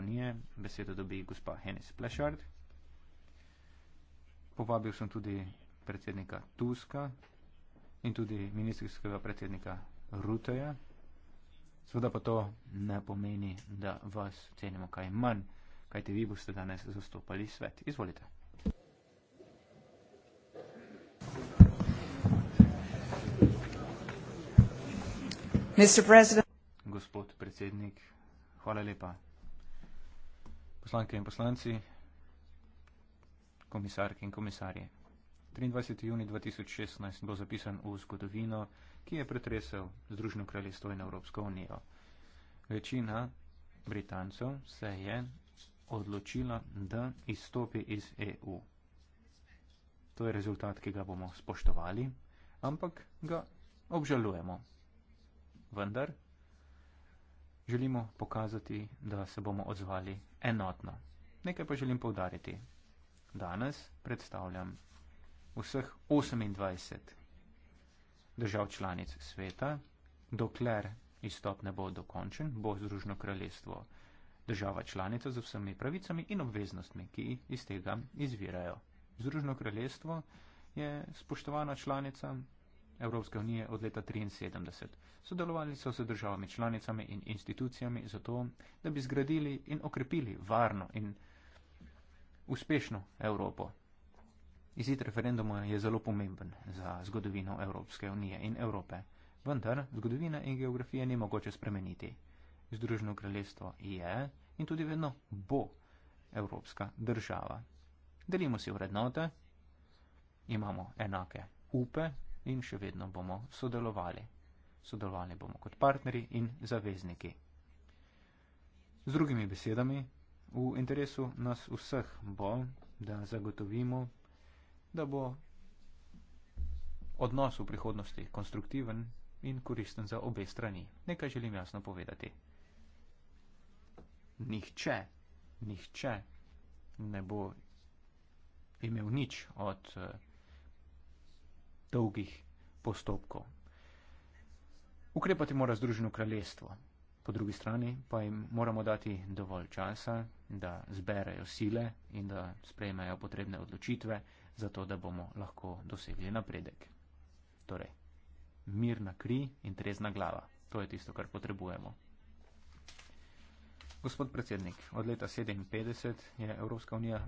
telefonije. Besedo dobi gospa Hennis Plešard. Povabil sem tudi predsednika Tuska in tudi ministrskega predsednika Ruteja. Sveda pa to ne pomeni, da vas cenimo kaj manj, kajte vi boste danes zastopali svet. Izvolite. Gospod predsednik, hvala lepa poslanke in poslanci, komisarke in komisarje. 23. juni 2016 bo zapisan v zgodovino, ki je pretresel Združeno kraljestvo in Evropsko unijo. Večina Britancev se je odločila, da izstopi iz EU. To je rezultat, ki ga bomo spoštovali, ampak ga obžalujemo. Vendar želimo pokazati, da se bomo odzvali enotno. Nekaj pa želim povdariti. Danes predstavljam vseh 28 držav članic sveta, dokler izstop ne bo dokončen, bo Združno kraljestvo država članica z vsemi pravicami in obveznostmi, ki iz tega izvirajo. Združno kraljestvo je spoštovana članica Evropske unije od leta 1973. Sodelovali so s državami članicami in institucijami zato, da bi zgradili in okrepili varno in uspešno Evropo. Izid referenduma je zelo pomemben za zgodovino Evropske unije in Evrope, vendar zgodovina in geografija ni mogoče spremeniti. Združeno kraljestvo je in tudi vedno bo evropska država. Delimo si vrednote, imamo enake upe, in še vedno bomo sodelovali. Sodelovali bomo kot partnerji in zavezniki. Z drugimi besedami, v interesu nas vseh bo, da zagotovimo, da bo odnos v prihodnosti konstruktiven in koristen za obe strani. Nekaj želim jasno povedati. Nihče, nihče ne bo imel nič od. Uh, dolgih postopkov. Ukrepati mora Združeno kraljestvo, po drugi strani pa jim moramo dati dovolj časa, da zberejo sile in da sprejmejo potrebne odločitve, zato da bomo lahko dosegli napredek. Torej, mirna kri in trezna glava, to je tisto, kar potrebujemo. Gospod predsednik, od leta 1957 je Evropska unija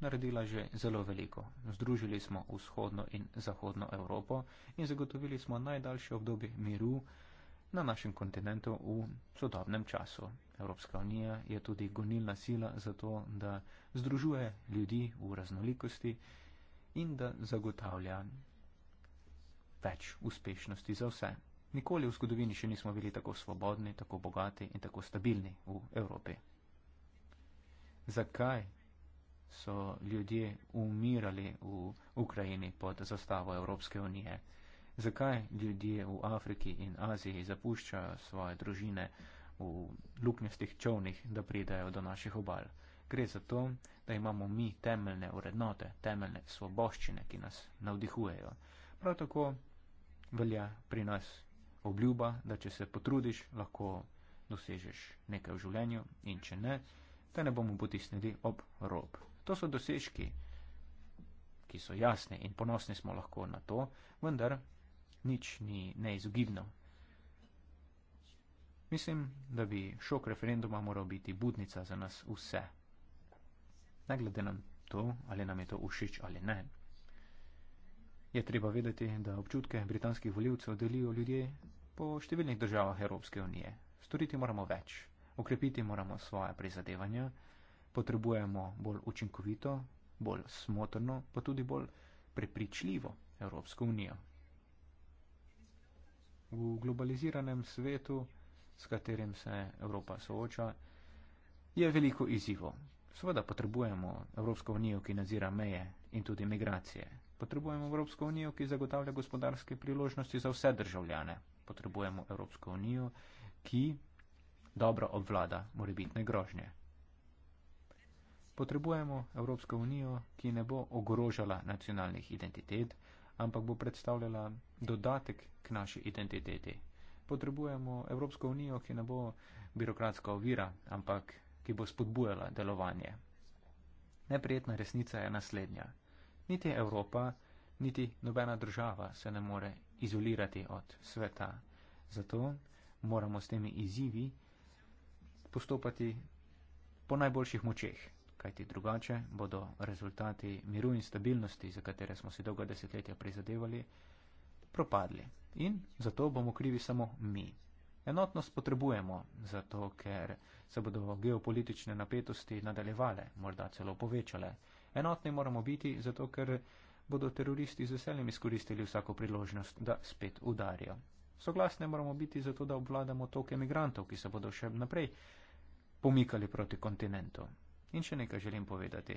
naredila že zelo veliko. Združili smo vzhodno in zahodno Evropo in zagotovili smo najdaljše obdobje miru na našem kontinentu v sodobnem času. Evropska unija je tudi gonilna sila za to, da združuje ljudi v raznolikosti in da zagotavlja več uspešnosti za vse. Nikoli v zgodovini še nismo bili tako svobodni, tako bogati in tako stabilni v Evropi. Zakaj so ljudje umirali v Ukrajini pod zastavo Evropske unije. Zakaj ljudje v Afriki in Aziji zapuščajo svoje družine v luknjastih čovnih, da pridajo do naših obal? Gre za to, da imamo mi temeljne urednote, temeljne svoboščine, ki nas navdihujejo. Prav tako velja pri nas obljuba, da če se potrudiš, lahko dosežeš nekaj v življenju in če ne, te ne bomo potisnili ob rob. To so dosežki, ki so jasni in ponosni smo lahko na to, vendar nič ni neizogibno. Mislim, da bi šok referenduma moral biti budnica za nas vse. Ne glede na to, ali nam je to všeč ali ne. Je treba vedeti, da občutke britanskih voljivcev delijo ljudje po številnih državah Evropske unije. Storiti moramo več, okrepiti moramo svoje prizadevanja potrebujemo bolj učinkovito, bolj smotrno, pa tudi bolj prepričljivo Evropsko unijo. V globaliziranem svetu, s katerim se Evropa sooča, je veliko izzivo. Sveda potrebujemo Evropsko unijo, ki nazira meje in tudi migracije. Potrebujemo Evropsko unijo, ki zagotavlja gospodarske priložnosti za vse državljane. Potrebujemo Evropsko unijo, ki dobro obvlada morebitne grožnje. Potrebujemo Evropsko unijo, ki ne bo ogrožala nacionalnih identitet, ampak bo predstavljala dodatek k naši identiteti. Potrebujemo Evropsko unijo, ki ne bo birokratska ovira, ampak ki bo spodbujala delovanje. Neprijetna resnica je naslednja. Niti Evropa, niti nobena država se ne more izolirati od sveta. Zato moramo s temi izzivi postopati po najboljših močeh kajti drugače bodo rezultati miru in stabilnosti, za katere smo si dolga desetletja prizadevali, propadli. In zato bomo krivi samo mi. Enotnost potrebujemo, zato ker se bodo geopolitične napetosti nadaljevale, morda celo povečale. Enotni moramo biti, zato ker bodo teroristi z veseljem izkoristili vsako priložnost, da spet udarijo. Soglasne moramo biti zato, da obvladamo toke migrantov, ki se bodo še naprej pomikali proti kontinentu. In še nekaj želim povedati.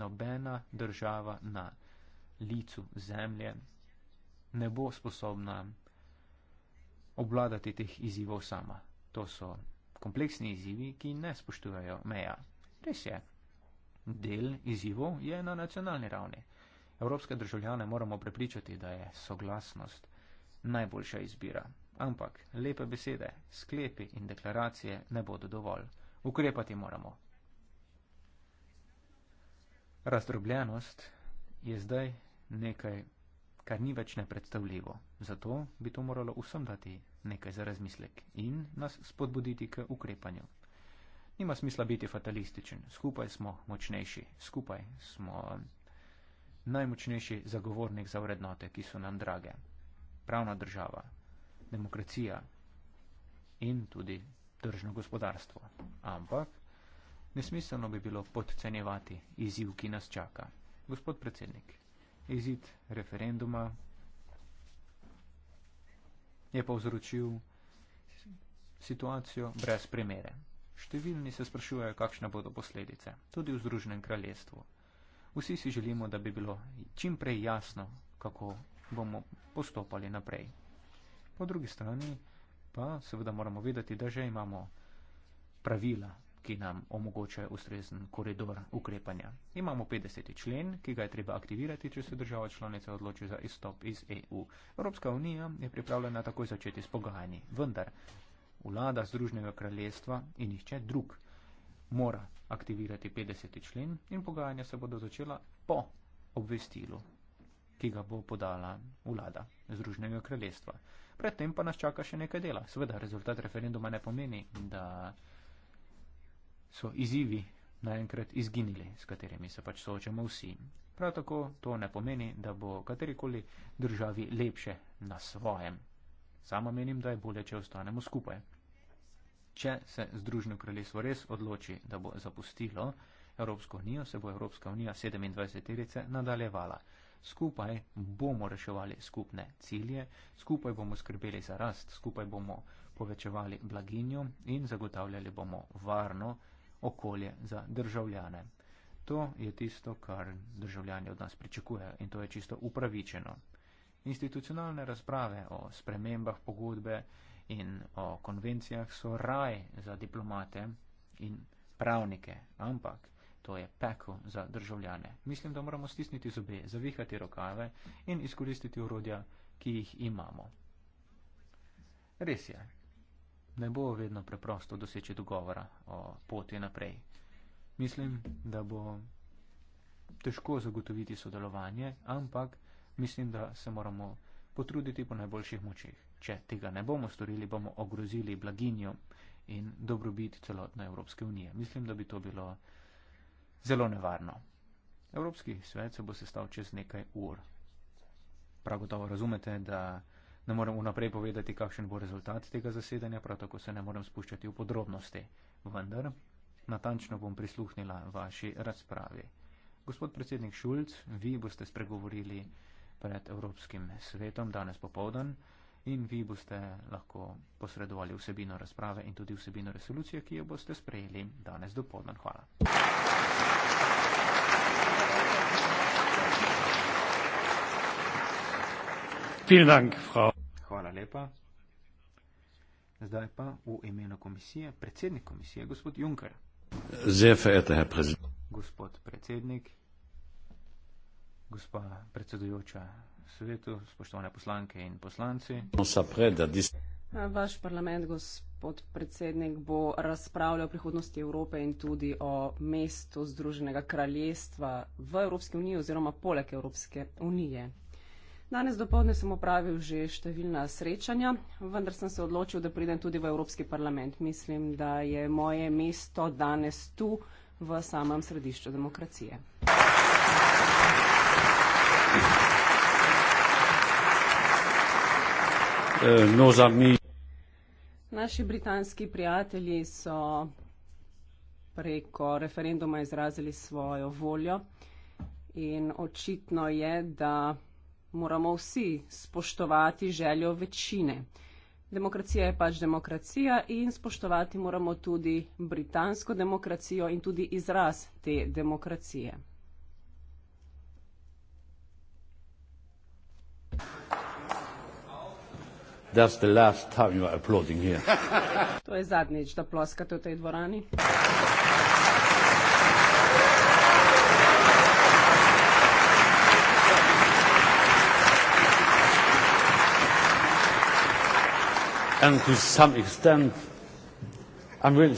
Nobena država na licu zemlje ne bo sposobna obvladati teh izzivov sama. To so kompleksni izzivi, ki ne spoštujejo meja. Res je. Del izzivov je na nacionalni ravni. Evropske državljane moramo prepričati, da je soglasnost najboljša izbira. Ampak lepe besede, sklepi in deklaracije ne bodo dovolj. Ukrepati moramo Razdrobljenost je zdaj nekaj, kar ni več nepredstavljivo. Zato bi to moralo vsem dati nekaj za razmislek in nas spodbuditi k ukrepanju. Nima smisla biti fatalističen. Skupaj smo močnejši. Skupaj smo najmočnejši zagovornik za vrednote, ki so nam drage. Pravna država, demokracija in tudi tržno gospodarstvo. Ampak Nesmiselno bi bilo podcenjevati izziv, ki nas čaka. Gospod predsednik, izid referenduma je povzročil situacijo brez primere. Številni se sprašujejo, kakšne bodo posledice, tudi v Združenem kraljestvu. Vsi si želimo, da bi bilo čim prej jasno, kako bomo postopali naprej. Po drugi strani pa seveda moramo vedeti, da že imamo pravila ki nam omogočajo ustrezen koridor ukrepanja. Imamo 50. člen, ki ga je treba aktivirati, če se država članica odloči za izstop iz EU. Evropska unija je pripravljena takoj začeti s pogajanji, vendar vlada Združnega kraljestva in nihče drug mora aktivirati 50. člen in pogajanja se bodo začela po obvestilu ki ga bo podala vlada Združenega kraljestva. Predtem pa nas čaka še nekaj dela. Seveda, rezultat referenduma ne pomeni, da so izzivi naenkrat izginili, s katerimi se pač soočamo vsi. Prav tako to ne pomeni, da bo katerikoli državi lepše na svojem. Sama menim, da je bolje, če ostanemo skupaj. Če se Združeno kraljestvo res odloči, da bo zapustilo Evropsko unijo, se bo Evropska unija 27-erice nadaljevala. Skupaj bomo reševali skupne cilje, skupaj bomo skrbeli za rast, skupaj bomo povečevali blaginjo in zagotavljali bomo varno okolje za državljane. To je tisto, kar državljani od nas pričakujejo in to je čisto upravičeno. Institucionalne razprave o spremembah pogodbe in o konvencijah so raj za diplomate in pravnike, ampak to je peko za državljane. Mislim, da moramo stisniti zobe, zavihati rokave in izkoristiti urodja, ki jih imamo. Res je, ne bo vedno preprosto doseči dogovora o poti naprej. Mislim, da bo težko zagotoviti sodelovanje, ampak mislim, da se moramo potruditi po najboljših močeh. Če tega ne bomo storili, bomo ogrozili blaginjo in dobrobit celotne Evropske unije. Mislim, da bi to bilo zelo nevarno. Evropski svet se bo sestav čez nekaj ur. Prav gotovo razumete, da. Ne morem vnaprej povedati, kakšen bo rezultat tega zasedanja, prav tako se ne morem spuščati v podrobnosti. Vendar, natančno bom prisluhnila vaši razpravi. Gospod predsednik Šulc, vi boste spregovorili pred Evropskim svetom danes popovdan in vi boste lahko posredovali vsebino razprave in tudi vsebino resolucije, ki jo boste sprejeli danes do povdan. Hvala. Vielen Dank, Frau. Hvala lepa. Zdaj pa v imenu komisije, predsednik komisije, gospod Juncker. Zefete, predsednik. Gospod predsednik, gospa predsedujoča svetu, spoštovane poslanke in poslanci. Vaš parlament, gospod predsednik, bo razpravljal o prihodnosti Evrope in tudi o mestu Združenega kraljestva v Evropski uniji oziroma poleg Evropske unije. Danes dopoldne sem opravil že številna srečanja, vendar sem se odločil, da pridem tudi v Evropski parlament. Mislim, da je moje mesto danes tu, v samem središču demokracije. Eh, no, Naši britanski prijatelji so preko referenduma izrazili svojo voljo in očitno je, da moramo vsi spoštovati željo večine. Demokracija je pač demokracija in spoštovati moramo tudi britansko demokracijo in tudi izraz te demokracije. To je zadnjič, da ploskate v tej dvorani. and to some extent I'm really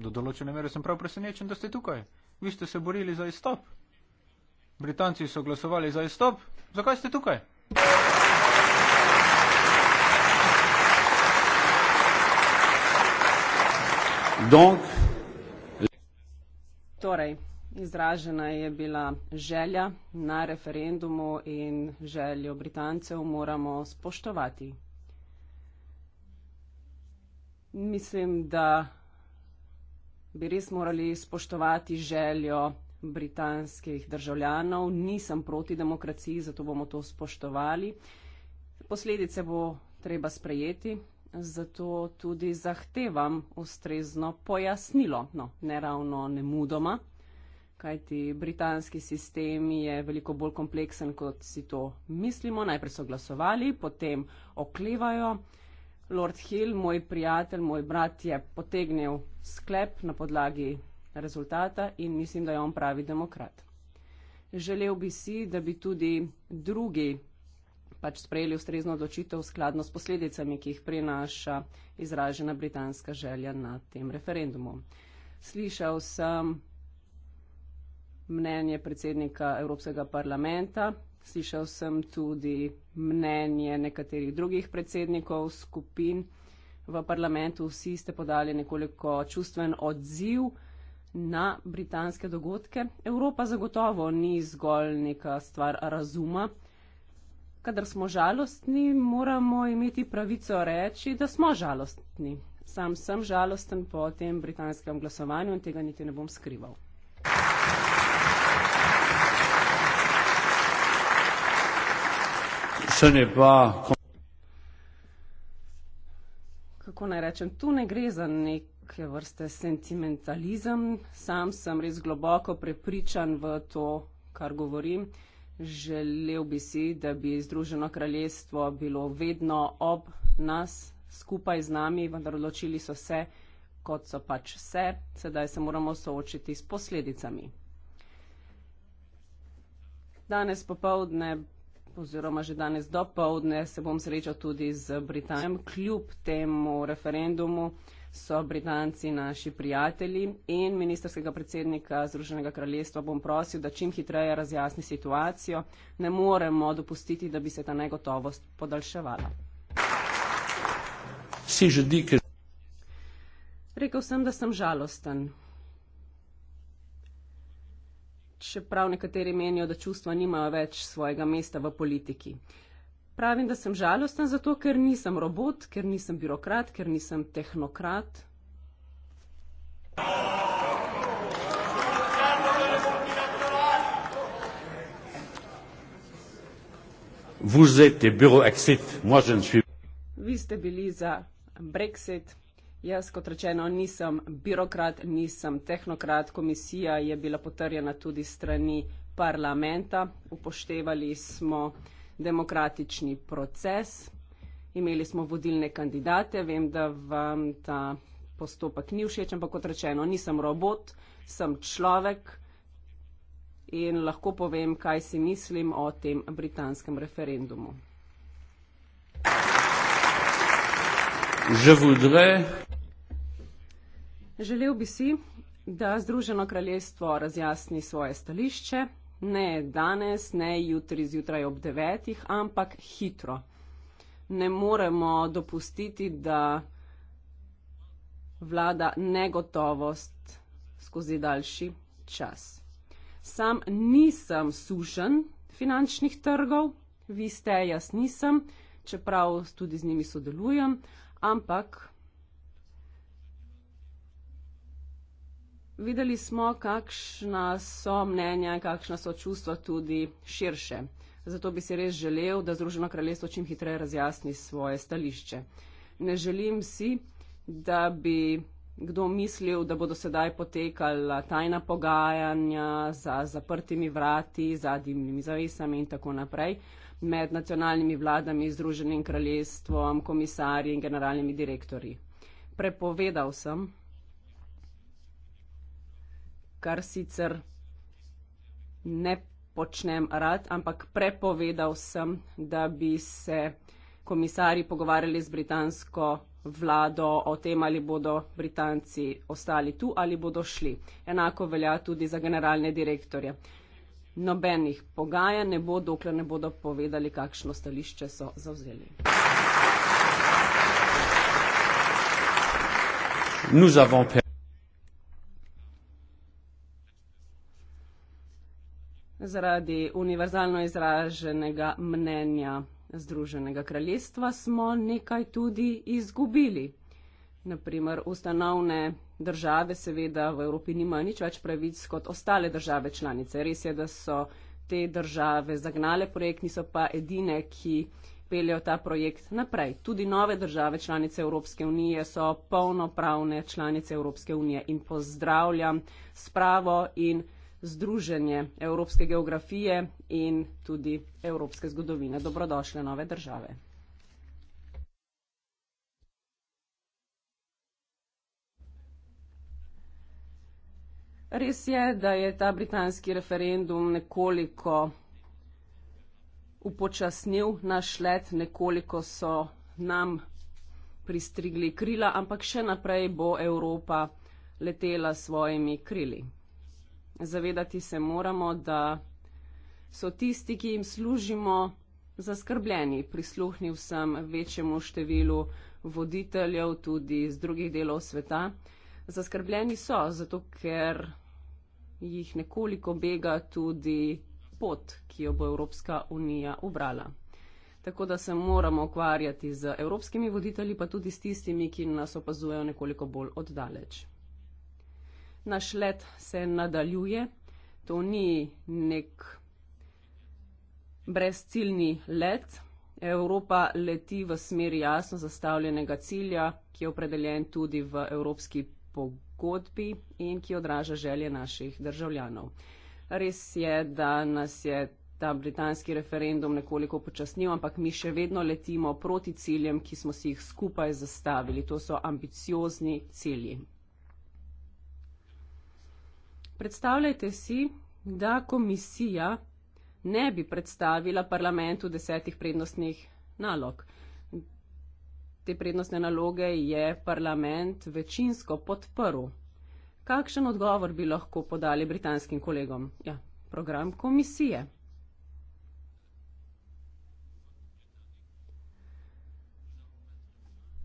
Do določene mere sem prav presenečen, da ste tukaj. Vi ste se borili za izstop. Britanci so glasovali za izstop. Zakaj ste tukaj? Donc, torej. Izražena je bila želja na referendumu in željo Britancev moramo spoštovati. Mislim, da bi res morali spoštovati željo britanskih državljanov. Nisem proti demokraciji, zato bomo to spoštovali. Posledice bo treba sprejeti, zato tudi zahtevam ustrezno pojasnilo, no, ne ravno nemudoma kajti britanski sistem je veliko bolj kompleksen, kot si to mislimo. Najprej so glasovali, potem oklevajo. Lord Hill, moj prijatelj, moj brat je potegnil sklep na podlagi rezultata in mislim, da je on pravi demokrat. Želel bi si, da bi tudi drugi pač sprejeli ustrezno odločitev skladno s posledicami, ki jih prinaša izražena britanska želja na tem referendumu. Slišal sem mnenje predsednika Evropskega parlamenta, slišal sem tudi mnenje nekaterih drugih predsednikov skupin v parlamentu. Vsi ste podali nekoliko čustven odziv na britanske dogodke. Evropa zagotovo ni zgolj neka stvar razuma. Kadar smo žalostni, moramo imeti pravico reči, da smo žalostni. Sam sem žalosten po tem britanskem glasovanju in tega niti ne bom skrival. Če ne pa. Kako naj rečem, tu ne gre za neke vrste sentimentalizem. Sam sem res globoko prepričan v to, kar govorim. Želel bi si, da bi Združeno kraljestvo bilo vedno ob nas, skupaj z nami, vendar odločili so se, kot so pač vse. Sedaj se moramo soočiti s posledicami. Danes popovdne oziroma že danes do povdne se bom srečal tudi z Britanijo. Kljub temu referendumu so Britanci naši prijatelji in ministerskega predsednika Združenega kraljestva bom prosil, da čim hitreje razjasni situacijo. Ne moremo dopustiti, da bi se ta negotovost podaljševala. Si že dike. Rekel sem, da sem žalosten čeprav nekateri menijo, da čustva nimajo več svojega mesta v politiki. Pravim, da sem žalosten zato, ker nisem robot, ker nisem birokrat, ker nisem tehnokrat. Vi ste bili za Brexit, Jaz, kot rečeno, nisem birokrat, nisem tehnokrat. Komisija je bila potrjena tudi strani parlamenta. Upoštevali smo demokratični proces. Imeli smo vodilne kandidate. Vem, da vam ta postopek ni všeč, ampak kot rečeno, nisem robot, sem človek in lahko povem, kaj si mislim o tem britanskem referendumu. Je voudrais Želel bi si, da Združeno kraljestvo razjasni svoje stališče, ne danes, ne jutri zjutraj ob devetih, ampak hitro. Ne moremo dopustiti, da vlada negotovost skozi daljši čas. Sam nisem sužen finančnih trgov, vi ste, jaz nisem, čeprav tudi z njimi sodelujem, ampak Videli smo, kakšna so mnenja in kakšna so čustva tudi širše. Zato bi si res želel, da Združeno kraljestvo čim hitreje razjasni svoje stališče. Ne želim si, da bi kdo mislil, da bodo sedaj potekala tajna pogajanja za zaprtimi vrati, za dimnimi zavesami in tako naprej med nacionalnimi vladami, Združenim kraljestvom, komisarji in generalnimi direktori. Prepovedal sem, kar sicer ne počnem rad, ampak prepovedal sem, da bi se komisarji pogovarjali z britansko vlado o tem, ali bodo Britanci ostali tu ali bodo šli. Enako velja tudi za generalne direktorje. Nobenih pogajanj ne bo, dokler ne bodo povedali, kakšno stališče so zauzeli. Nous avons perdu. Zaradi univerzalno izraženega mnenja Združenega kraljestva smo nekaj tudi izgubili. Naprimer, ustanovne države seveda v Evropi nimajo nič več pravic kot ostale države članice. Res je, da so te države zagnale projekt, niso pa edine, ki peljejo ta projekt naprej. Tudi nove države članice Evropske unije so polnopravne članice Evropske unije in pozdravljam spravo in pravo. Združenje evropske geografije in tudi evropske zgodovine. Dobrodošle nove države. Res je, da je ta britanski referendum nekoliko upočasnil naš let, nekoliko so nam pristrigli krila, ampak še naprej bo Evropa letela s svojimi krili zavedati se moramo, da so tisti, ki jim služimo, zaskrbljeni. Prisluhnil sem večjemu številu voditeljev tudi iz drugih delov sveta. Zaskrbljeni so, zato ker jih nekoliko bega tudi pot, ki jo bo Evropska unija ubrala. Tako da se moramo ukvarjati z evropskimi voditelji, pa tudi s tistimi, ki nas opazujejo nekoliko bolj oddaleč naš let se nadaljuje. To ni nek brezciljni let. Evropa leti v smeri jasno zastavljenega cilja, ki je opredeljen tudi v evropski pogodbi in ki odraža želje naših državljanov. Res je, da nas je ta britanski referendum nekoliko počasnil, ampak mi še vedno letimo proti ciljem, ki smo si jih skupaj zastavili. To so ambiciozni cilji. Predstavljajte si, da komisija ne bi predstavila parlamentu desetih prednostnih nalog. Te prednostne naloge je parlament večinsko podprl. Kakšen odgovor bi lahko podali britanskim kolegom? Ja, program komisije.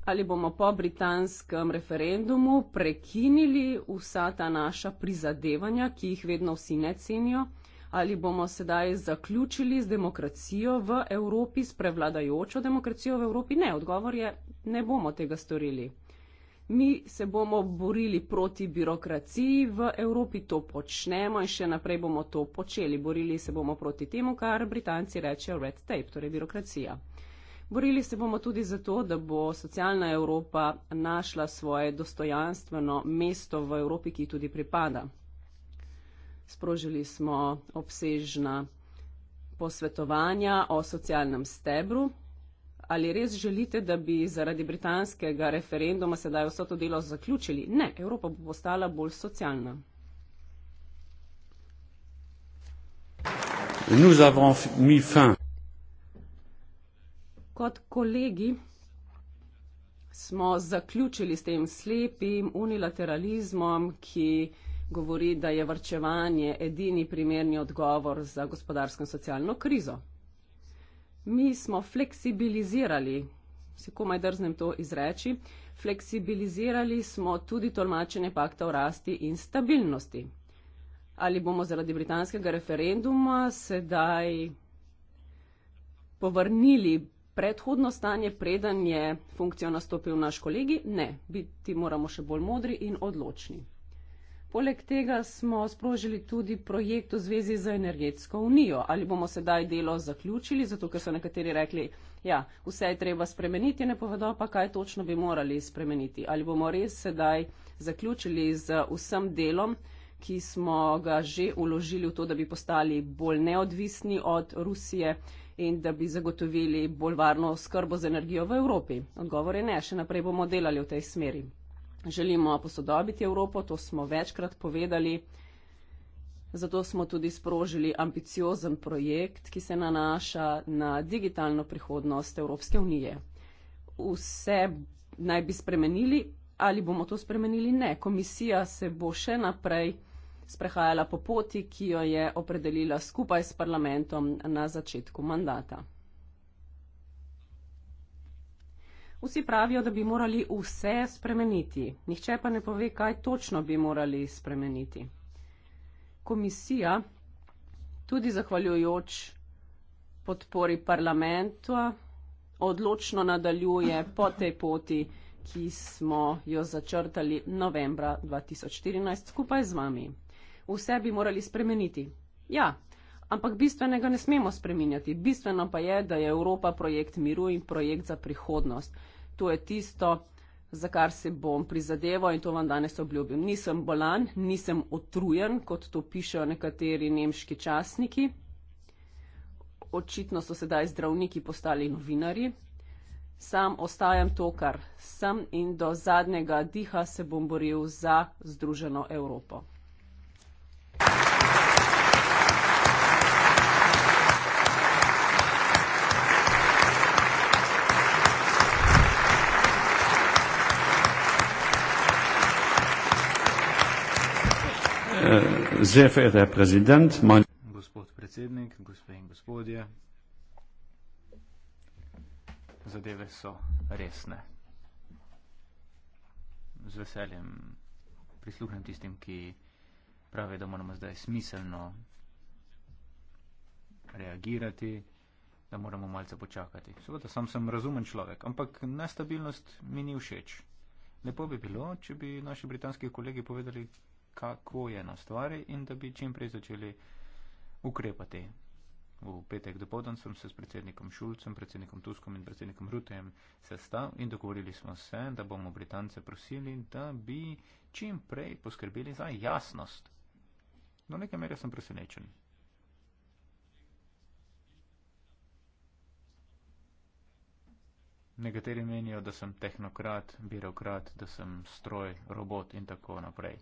ali bomo po britanskem referendumu prekinili vsa ta naša prizadevanja, ki jih vedno vsi ne cenijo, ali bomo sedaj zaključili z demokracijo v Evropi, s prevladajočo demokracijo v Evropi. Ne, odgovor je, ne bomo tega storili. Mi se bomo borili proti birokraciji v Evropi, to počnemo in še naprej bomo to počeli. Borili se bomo proti temu, kar Britanci rečejo red tape, torej birokracija. Borili se bomo tudi za to, da bo socialna Evropa našla svoje dostojanstveno mesto v Evropi, ki ji tudi pripada. Sprožili smo obsežna posvetovanja o socialnem stebru. Ali res želite, da bi zaradi britanskega referenduma sedaj vso to delo zaključili? Ne, Evropa bo postala bolj socialna. Nous avons mis fin kot kolegi smo zaključili s tem slepim unilateralizmom, ki govori, da je vrčevanje edini primerni odgovor za gospodarsko in socialno krizo. Mi smo fleksibilizirali, si komaj drznem to izreči, fleksibilizirali smo tudi tolmačenje pakta o rasti in stabilnosti. Ali bomo zaradi britanskega referenduma sedaj povrnili predhodno stanje, preden je funkcijo nastopil naš kolegi? Ne, biti moramo še bolj modri in odločni. Poleg tega smo sprožili tudi projekt v zvezi z energetsko unijo. Ali bomo sedaj delo zaključili, zato ker so nekateri rekli, ja, vse je treba spremeniti, ne povedo pa, kaj točno bi morali spremeniti. Ali bomo res sedaj zaključili z vsem delom, ki smo ga že uložili v to, da bi postali bolj neodvisni od Rusije in da bi zagotovili bolj varno oskrbo z energijo v Evropi. Odgovor je ne, še naprej bomo delali v tej smeri. Želimo posodobiti Evropo, to smo večkrat povedali. Zato smo tudi sprožili ambiciozen projekt, ki se nanaša na digitalno prihodnost Evropske unije. Vse naj bi spremenili, ali bomo to spremenili? Ne. Komisija se bo še naprej sprehajala po poti, ki jo je opredelila skupaj s parlamentom na začetku mandata. Vsi pravijo, da bi morali vse spremeniti, nihče pa ne pove, kaj točno bi morali spremeniti. Komisija, tudi zahvaljujoč podpori parlamentu, odločno nadaljuje po tej poti, ki smo jo začrtali novembra 2014 skupaj z vami v sebi morali spremeniti. Ja, ampak bistvenega ne smemo spreminjati. Bistveno pa je, da je Evropa projekt miru in projekt za prihodnost. To je tisto, za kar se bom prizadeval in to vam danes obljubim. Nisem bolan, nisem otrujen, kot to pišejo nekateri nemški časniki. Očitno so sedaj zdravniki postali novinari. Sam ostajam to, kar sem in do zadnjega diha se bom boril za združeno Evropo. Sehr verehrter Herr Präsident, mein gospod predsednik, gospe in gospodje, zadeve so resne. Z veseljem prisluhnem tistim, ki pravijo, da moramo zdaj smiselno reagirati, da moramo malce počakati. Seveda, sam sem razumen človek, ampak nestabilnost mi ni všeč. Lepo bi bilo, če bi naši britanski kolegi povedali, kako je na stvari in da bi čim prej začeli ukrepati. V petek dopoldan sem se s predsednikom Šulcem, predsednikom Tuskom in predsednikom Rutejem sestal in dogovorili smo se, da bomo Britance prosili, da bi čim prej poskrbeli za jasnost. Do neke mere sem presenečen. Nekateri menijo, da sem tehnokrat, birokrat, da sem stroj, robot in tako naprej.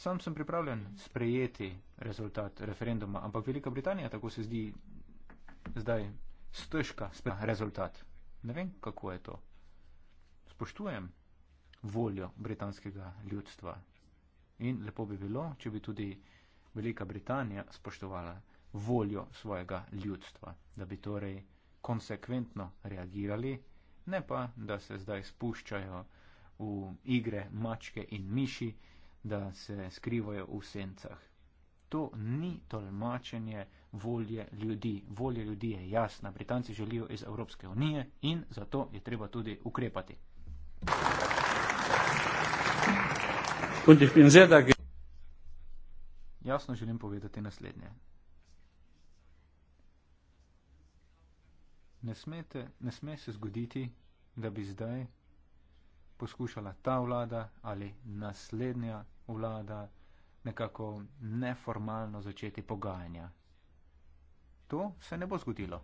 Sam sem pripravljen sprejeti rezultat referenduma, ampak Velika Britanija tako se zdi zdaj stežka spet rezultat. Ne vem, kako je to. Spoštujem voljo britanskega ljudstva in lepo bi bilo, če bi tudi Velika Britanija spoštovala voljo svojega ljudstva, da bi torej konsekventno reagirali, ne pa, da se zdaj spuščajo v igre mačke in miši, da se skrivajo v sencah. To ni tolmačenje volje ljudi. Volje ljudi je jasna. Britanci želijo iz Evropske unije in zato je treba tudi ukrepati. Jasno želim povedati naslednje. Ne, smete, ne sme se zgoditi, da bi zdaj poskušala ta vlada ali naslednja vlada nekako neformalno začeti pogajanja. To se ne bo zgodilo.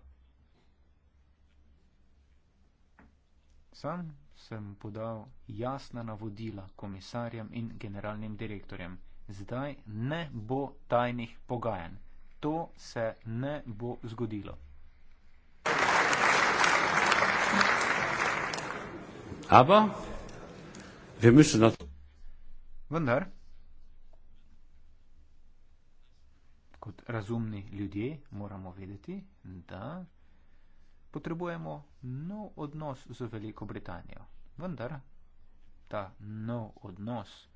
Sam sem podal jasna navodila komisarjem in generalnim direktorjem. Zdaj ne bo tajnih pogajanj. To se ne bo zgodilo. Aber Wir müssen das. Wunder. Kot razumni ljudje moramo vedeti, da potrebujemo nov odnos z Veliko Britanijo. Vendar ta nov odnos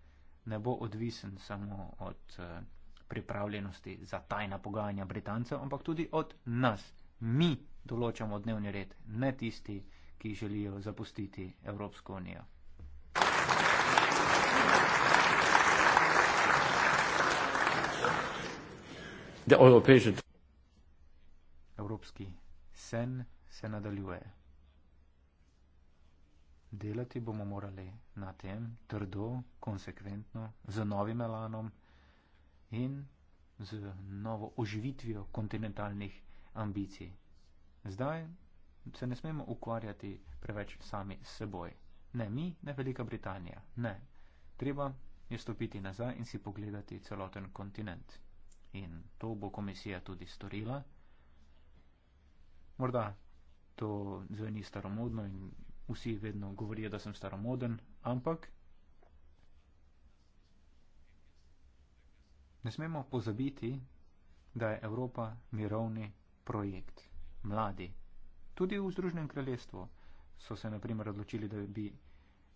ne bo odvisen samo od eh, pripravljenosti za tajna pogajanja Britancev, ampak tudi od nas. Mi določamo dnevni red, ne tisti, ki želijo zapustiti Evropsko unijo. Evropski sen se nadaljuje. Delati bomo morali na tem trdo, konsekventno, z novim elanom in z novo oživitvijo kontinentalnih ambicij. Zdaj se ne smemo ukvarjati preveč sami s seboj. Ne mi, ne Velika Britanija. Ne. Treba je stopiti nazaj in si pogledati celoten kontinent in to bo komisija tudi storila. Morda to zveni staromodno in vsi vedno govorijo, da sem staromoden, ampak ne smemo pozabiti, da je Evropa mirovni projekt. Mladi. Tudi v Združenem kraljestvu so se naprimer odločili, da bi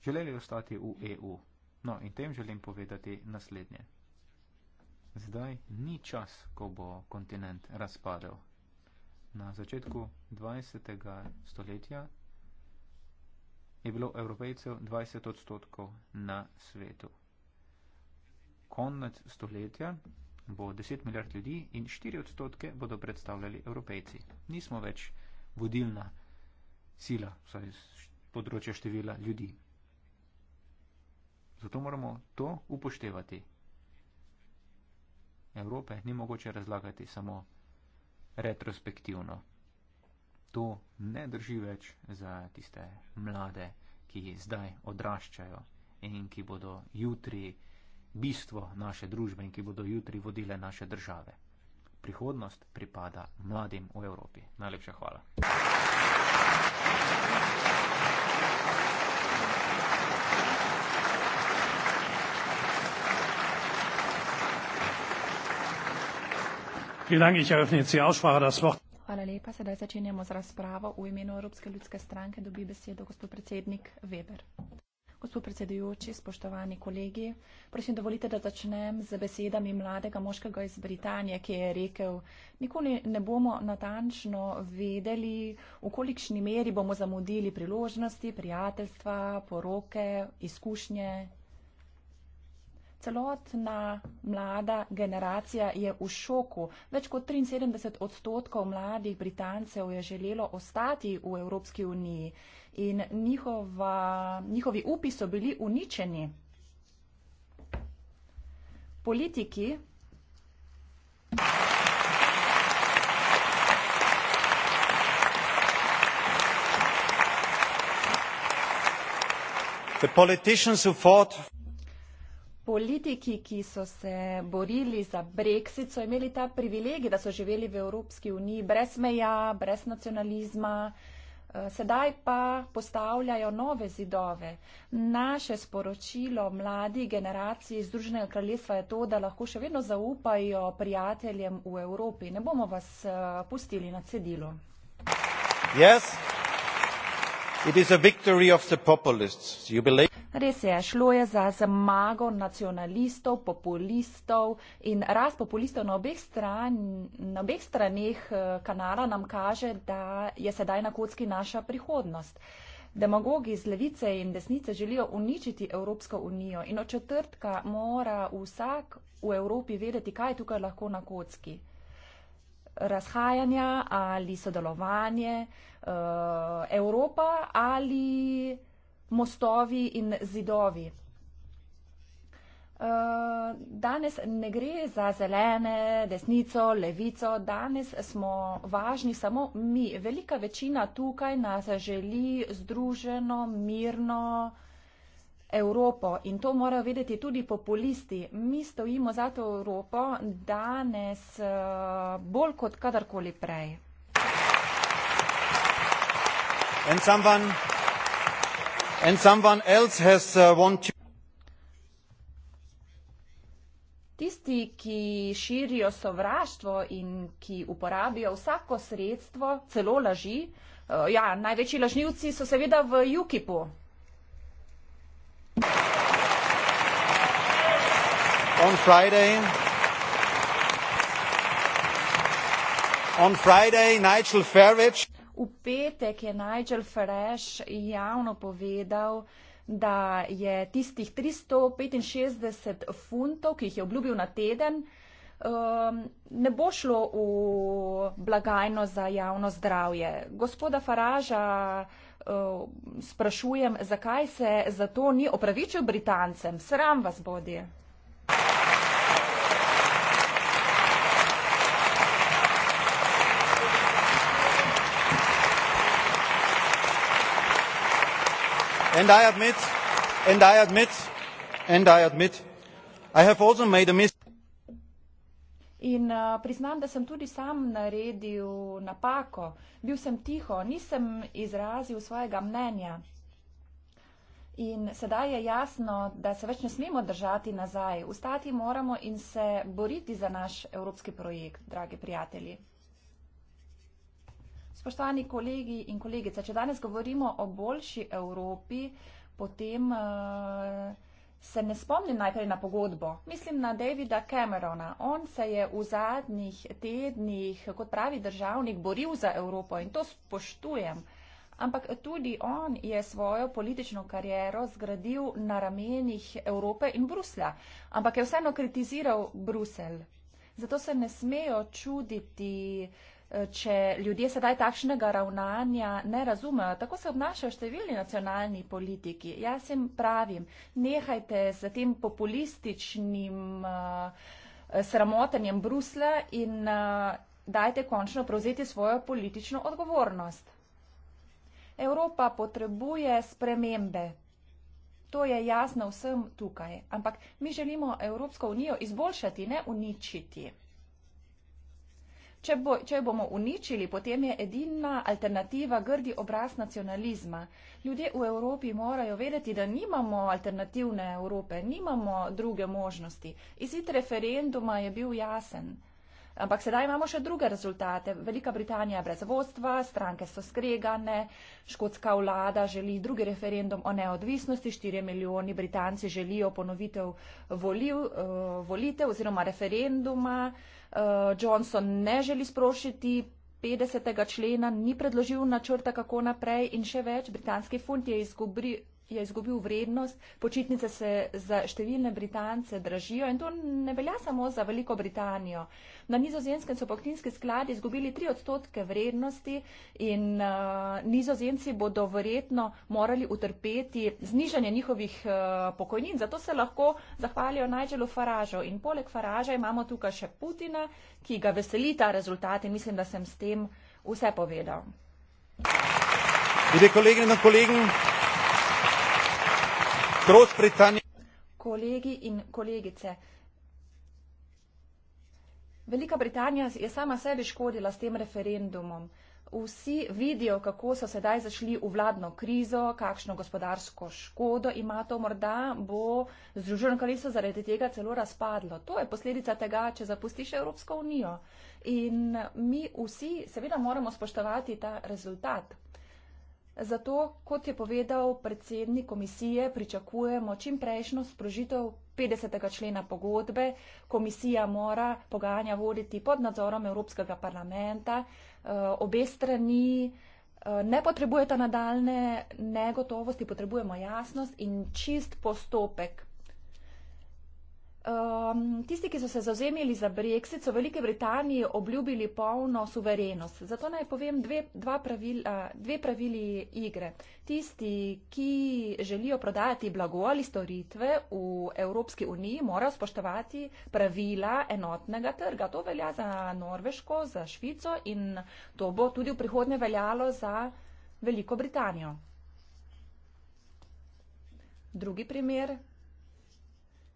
želeli ostati v EU. No, in tem želim povedati naslednje. Zdaj ni čas, ko bo kontinent razpadel. Na začetku 20. stoletja je bilo evropejcev 20 odstotkov na svetu. Konec stoletja bo 10 milijard ljudi in 4 odstotke bodo predstavljali evropejci. Nismo več vodilna sila, vsaj iz področja števila ljudi. Zato moramo to upoštevati. Evrope ni mogoče razlagati samo retrospektivno. To ne drži več za tiste mlade, ki zdaj odraščajo in ki bodo jutri bistvo naše družbe in ki bodo jutri vodile naše države. Prihodnost pripada mladim v Evropi. Najlepša hvala. Hvala lepa. Sedaj začenjamo z razpravo. V imenu Evropske ljudske stranke dobi besedo gospod predsednik Weber. Gospod predsedujoči, spoštovani kolegi, prosim dovolite, da začnem z besedami mladega moškega iz Britanije, ki je rekel, nikoli ne bomo natančno vedeli, v kolikšni meri bomo zamudili priložnosti, prijateljstva, poroke, izkušnje celotna mlada generacija je v šoku. Več kot 73 odstotkov mladih Britancev je želelo ostati v Evropski uniji in njihova, njihovi upi so bili uničeni. Politiki. The politicians who fought Politiki, ki so se borili za brexit, so imeli ta privilegij, da so živeli v Evropski uniji brez meja, brez nacionalizma, eh, sedaj pa postavljajo nove zidove. Naše sporočilo mladi generaciji Združenega kraljestva je to, da lahko še vedno zaupajo prijateljem v Evropi. Ne bomo vas eh, pustili na cedilo. Yes. Res je, šlo je za zmago nacionalistov, populistov in rast populistov na obeh, stran, na obeh straneh eh, kanala nam kaže, da je sedaj na kocki naša prihodnost. Demagogi z levice in desnice želijo uničiti Evropsko unijo in od četrtka mora vsak v Evropi vedeti, kaj je tukaj lahko na kocki razhajanja ali sodelovanje, eh, Evropa ali mostovi in zidovi. Eh, danes ne gre za zelene, desnico, levico, danes smo važni samo mi. Velika večina tukaj nas želi združeno, mirno, Evropo in to morajo vedeti tudi populisti. Mi stojimo za to Evropo danes eh, bolj kot kadarkoli prej. And someone, and someone else has uh, want to. Tisti, ki širijo sovraštvo in ki uporabijo vsako sredstvo, celo laži, eh, ja, največji lažnivci so seveda v UKIP-u. on Friday. On Friday, Nigel Farage. V petek je Nigel Farage javno povedal, da je tistih 365 funtov, ki jih je obljubil na teden, um, ne bo šlo v blagajno za javno zdravje. Gospoda Faraža um, sprašujem, zakaj se za to ni opravičil Britancem. Sram vas bodi. And I admit, and I admit, and I admit, I have also made a mistake. In uh, priznam, da sem tudi sam naredil napako. Bil sem tiho, nisem izrazil svojega mnenja. In sedaj je jasno, da se več ne smemo držati nazaj. Ustati moramo in se boriti za naš evropski projekt, dragi prijatelji. Spoštovani kolegi in kolegice, če danes govorimo o boljši Evropi, potem uh, se ne spomnim najprej na pogodbo. Mislim na Davida Camerona. On se je v zadnjih tednih kot pravi državnik boril za Evropo in to spoštujem. Ampak tudi on je svojo politično kariero zgradil na ramenih Evrope in Bruslja. Ampak je vseeno kritiziral Brusel. Zato se ne smejo čuditi, uh, če ljudje sedaj takšnega ravnanja ne razumejo, tako se obnašajo številni nacionalni politiki. Jaz jim pravim, nehajte z tem populističnim uh, sramotenjem Brusla in uh, dajte končno prevzeti svojo politično odgovornost. Evropa potrebuje spremembe. To je jasno vsem tukaj. Ampak mi želimo Evropsko unijo izboljšati, ne uničiti. Če, bo, če jo bomo uničili, potem je edina alternativa grdi obraz nacionalizma. Ljudje v Evropi morajo vedeti, da nimamo alternativne Evrope, nimamo druge možnosti. Izid referenduma je bil jasen. Ampak sedaj imamo še druge rezultate. Velika Britanija je brez vodstva, stranke so skregane, škotska vlada želi drugi referendum o neodvisnosti, 4 milijoni Britanci želijo ponovitev voliv, eh, volitev oziroma referenduma. Eh, Johnson ne želi sprošiti 50. člena, ni predložil načrta, kako naprej in še več, britanski funt je izgubri, je izgubil vrednost, počitnice se za številne Britance dražijo in to ne velja samo za Veliko Britanijo. Na nizozemskem so poklinski skladi izgubili tri odstotke vrednosti in uh, nizozemci bodo verjetno morali utrpeti znižanje njihovih uh, pokojnin, zato se lahko zahvalijo Nigelu Faražu. In poleg Faraža imamo tukaj še Putina, ki ga veseli ta rezultat in mislim, da sem s tem vse povedal. Kolegin, kolegin. Kolegi in kolegice. Velika Britanija je sama sebi škodila s tem referendumom. Vsi vidijo, kako so sedaj zašli v vladno krizo, kakšno gospodarsko škodo ima to morda, bo Združeno kraljestvo zaradi tega celo razpadlo. To je posledica tega, če zapustiš Evropsko unijo. In mi vsi seveda moramo spoštovati ta rezultat, Zato, kot je povedal predsednik komisije, pričakujemo čim prejšnjo sprožitev 50. člena pogodbe. Komisija mora pogajanja voditi pod nadzorom Evropskega parlamenta. Eh, obe strani eh, ne potrebujeta nadaljne negotovosti, potrebujemo jasnost in čist postopek Um, tisti, ki so se zauzemili za Brexit, so Velike Britanije obljubili polno suverenost. Zato naj povem dve, pravil, uh, dve pravili igre. Tisti, ki želijo prodajati blago ali storitve v Evropski uniji, morajo spoštovati pravila enotnega trga. To velja za Norveško, za Švico in to bo tudi v prihodnje veljalo za Veliko Britanijo. Drugi primer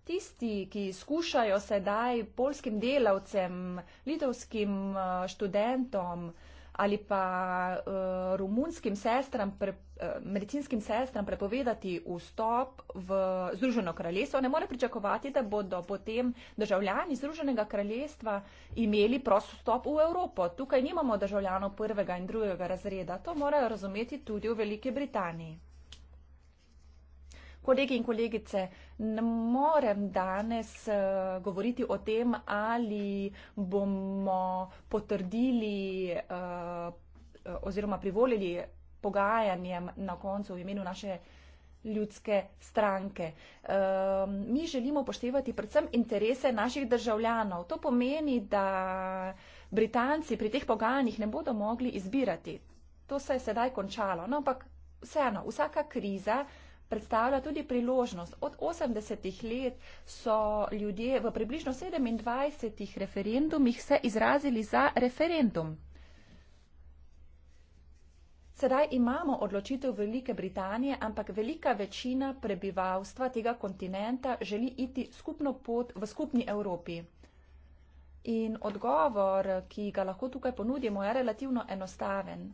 tisti, ki skušajo sedaj polskim delavcem, litovskim eh, študentom ali pa uh, eh, rumunskim sestram, pre, uh, medicinskim sestram prepovedati vstop v Združeno kraljestvo, ne more pričakovati, da bodo potem državljani Združenega kraljestva imeli prost vstop v Evropo. Tukaj nimamo državljanov prvega in drugega razreda. To morajo razumeti tudi v Veliki Britaniji kolegi in kolegice, ne morem danes uh, govoriti o tem, ali bomo potrdili uh, oziroma privolili pogajanjem na koncu v imenu naše ljudske stranke. Um, mi želimo poštevati predvsem interese naših državljanov. To pomeni, da Britanci pri teh pogajanjih ne bodo mogli izbirati. To se je sedaj končalo. No, ampak vseeno, vsaka kriza predstavlja tudi priložnost. Od 80-ih let so ljudje v približno 27-ih referendumih se izrazili za referendum. Sedaj imamo odločitev Velike Britanije, ampak velika večina prebivalstva tega kontinenta želi iti skupno pot v skupni Evropi. In odgovor, ki ga lahko tukaj ponudimo, je relativno enostaven.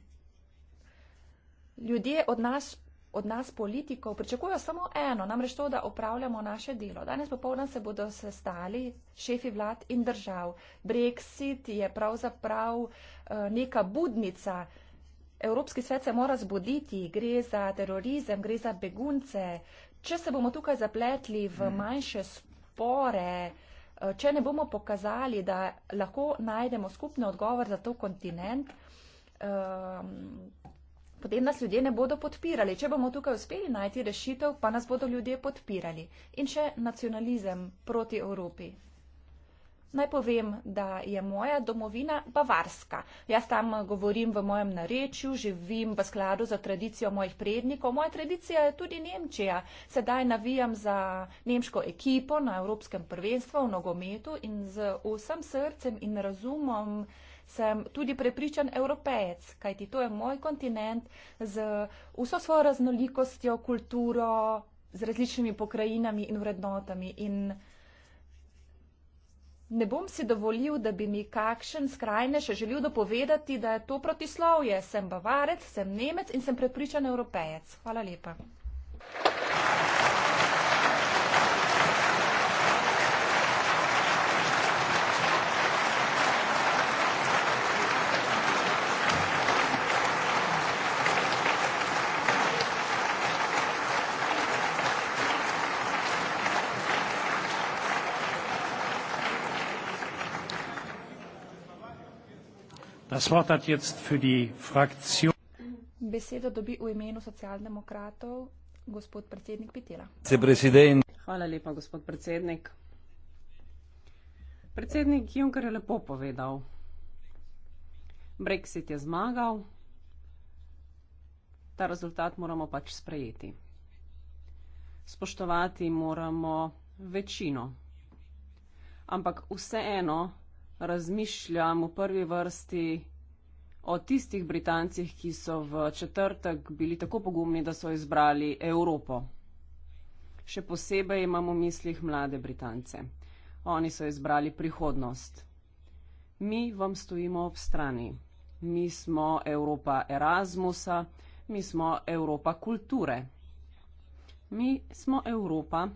Ljudje od nas od nas politikov pričakujejo samo eno, namreč to, da opravljamo naše delo. Danes popoldan se bodo sestali šefi vlad in držav. Brexit je pravzaprav eh, neka budnica. Evropski svet se mora zbuditi, gre za terorizem, gre za begunce. Če se bomo tukaj zapletli v mm. manjše spore, eh, če ne bomo pokazali, da lahko najdemo skupni odgovor za to kontinent, ehm, potem nas ljudje ne bodo podpirali. Če bomo tukaj uspeli najti rešitev, pa nas bodo ljudje podpirali. In še nacionalizem proti Evropi. Naj povem, da je moja domovina Bavarska. Jaz tam govorim v mojem narečju, živim v skladu za tradicijo mojih prednikov. Moja tradicija je tudi Nemčija. Sedaj navijam za nemško ekipo na Evropskem prvenstvu v nogometu in z vsem srcem in razumom sem tudi prepričan evropejec, kajti to je moj kontinent z vso svojo raznolikostjo, kulturo, z različnimi pokrajinami in vrednotami. In ne bom si dovolil, da bi mi kakšen skrajne še želel dopovedati, da je to protislovje. Sem bavarec, sem nemec in sem prepričan evropejec. Hvala lepa. Thank you. Besedo dobi v imenu socialdemokratov gospod predsednik Pitela. Hvala lepa, gospod predsednik. Predsednik Juncker je lepo povedal. Brexit je zmagal. Ta rezultat moramo pač sprejeti. Spoštovati moramo večino. Ampak vseeno razmišljam v prvi vrsti o tistih Britancih, ki so v četrtek bili tako pogumni, da so izbrali Evropo. Še posebej imamo v mislih mlade Britance. Oni so izbrali prihodnost. Mi vam stojimo ob strani. Mi smo Evropa Erasmusa, mi smo Evropa kulture. Mi smo Evropa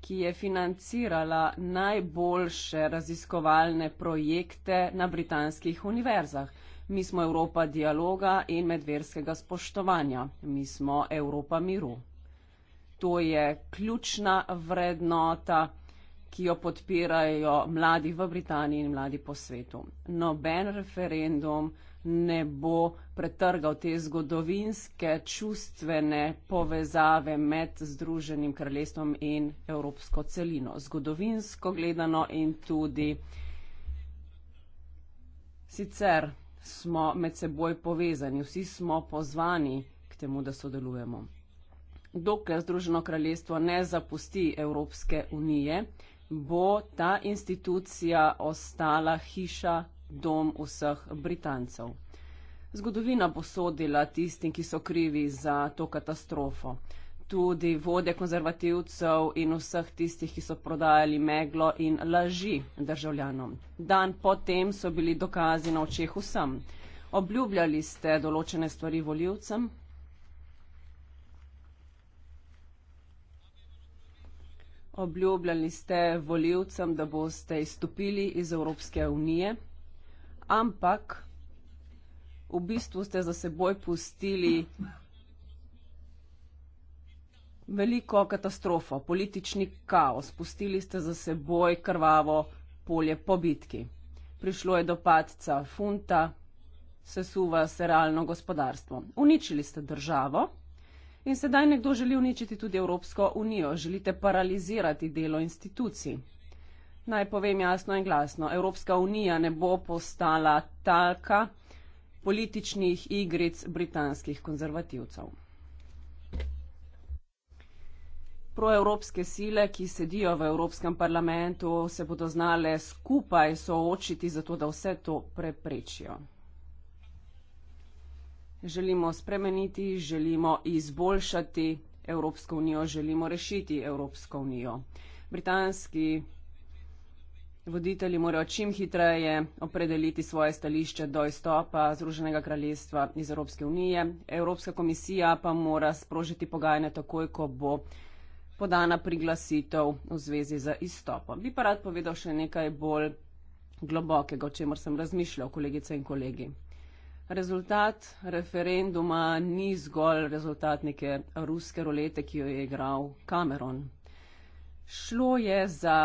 ki je financirala najboljše raziskovalne projekte na britanskih univerzah. Mi smo Evropa dialoga in medverskega spoštovanja. Mi smo Evropa miru. To je ključna vrednota, ki jo podpirajo mladi v Britaniji in mladi po svetu. Noben referendum, ne bo pretrgal te zgodovinske čustvene povezave med Združenim kraljestvom in Evropsko celino. Zgodovinsko gledano in tudi sicer smo med seboj povezani, vsi smo pozvani k temu, da sodelujemo. Dokler Združeno kraljestvo ne zapusti Evropske unije, bo ta institucija ostala hiša dom vseh Britancev. Zgodovina bo sodila tistim, ki so krivi za to katastrofo. Tudi vode konzervativcev in vseh tistih, ki so prodajali meglo in laži državljanom. Dan potem so bili dokazi na očeh vsem. Obljubljali ste določene stvari voljivcem. Obljubljali ste voljivcem, da boste izstopili iz Evropske unije ampak v bistvu ste za seboj pustili veliko katastrofo, politični kaos, pustili ste za seboj krvavo polje po bitki. Prišlo je do padca funta, sesuva se realno gospodarstvo. Uničili ste državo in sedaj nekdo želi uničiti tudi Evropsko unijo, želite paralizirati delo institucij. Naj povem jasno in glasno, Evropska unija ne bo postala talka političnih igric britanskih konzervativcev. Proevropske sile, ki sedijo v Evropskem parlamentu, se bodo znale skupaj soočiti, zato da vse to preprečijo. Želimo spremeniti, želimo izboljšati Evropsko unijo, želimo rešiti Evropsko unijo. Britanski Voditelji morajo čim hitreje opredeliti svoje stališče do izstopa Združenega kraljestva iz Evropske unije. Evropska komisija pa mora sprožiti pogajanja takoj, ko bo podana priglasitev v zvezi z izstopom. Bi pa rad povedal še nekaj bolj globokega, o čemer sem razmišljal, kolegice in kolegi. Rezultat referenduma ni zgolj rezultat neke ruske rolete, ki jo je igral Cameron. Šlo je za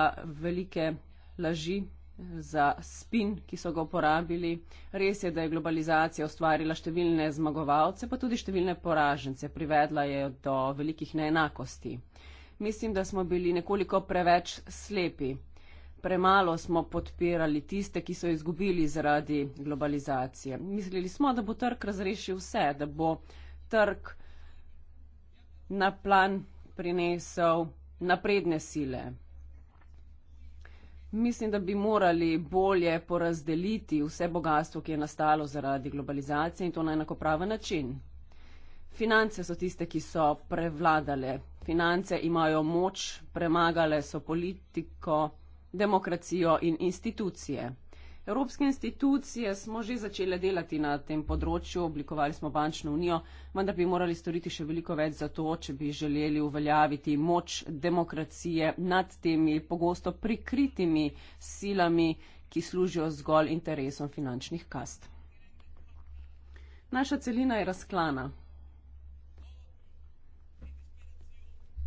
velike laži, eh, za spin, ki so ga uporabili. Res je, da je globalizacija ustvarila številne zmagovalce, pa tudi številne poražence, privedla je do velikih neenakosti. Mislim, da smo bili nekoliko preveč slepi. Premalo smo podpirali tiste, ki so izgubili zaradi globalizacije. Mislili smo, da bo trg razrešil vse, da bo trg na plan prinesel napredne sile, Mislim, da bi morali bolje porazdeliti vse bogatstvo, ki je nastalo zaradi globalizacije in to na enakopraven način. Finance so tiste, ki so prevladale. Finance imajo moč, premagale so politiko, demokracijo in institucije. Evropske institucije smo že začele delati na tem področju, oblikovali smo bančno unijo, vendar bi morali storiti še veliko več za to, če bi želeli uveljaviti moč demokracije nad temi pogosto prikritimi silami, ki služijo zgolj interesom finančnih kast. Naša celina je razklana.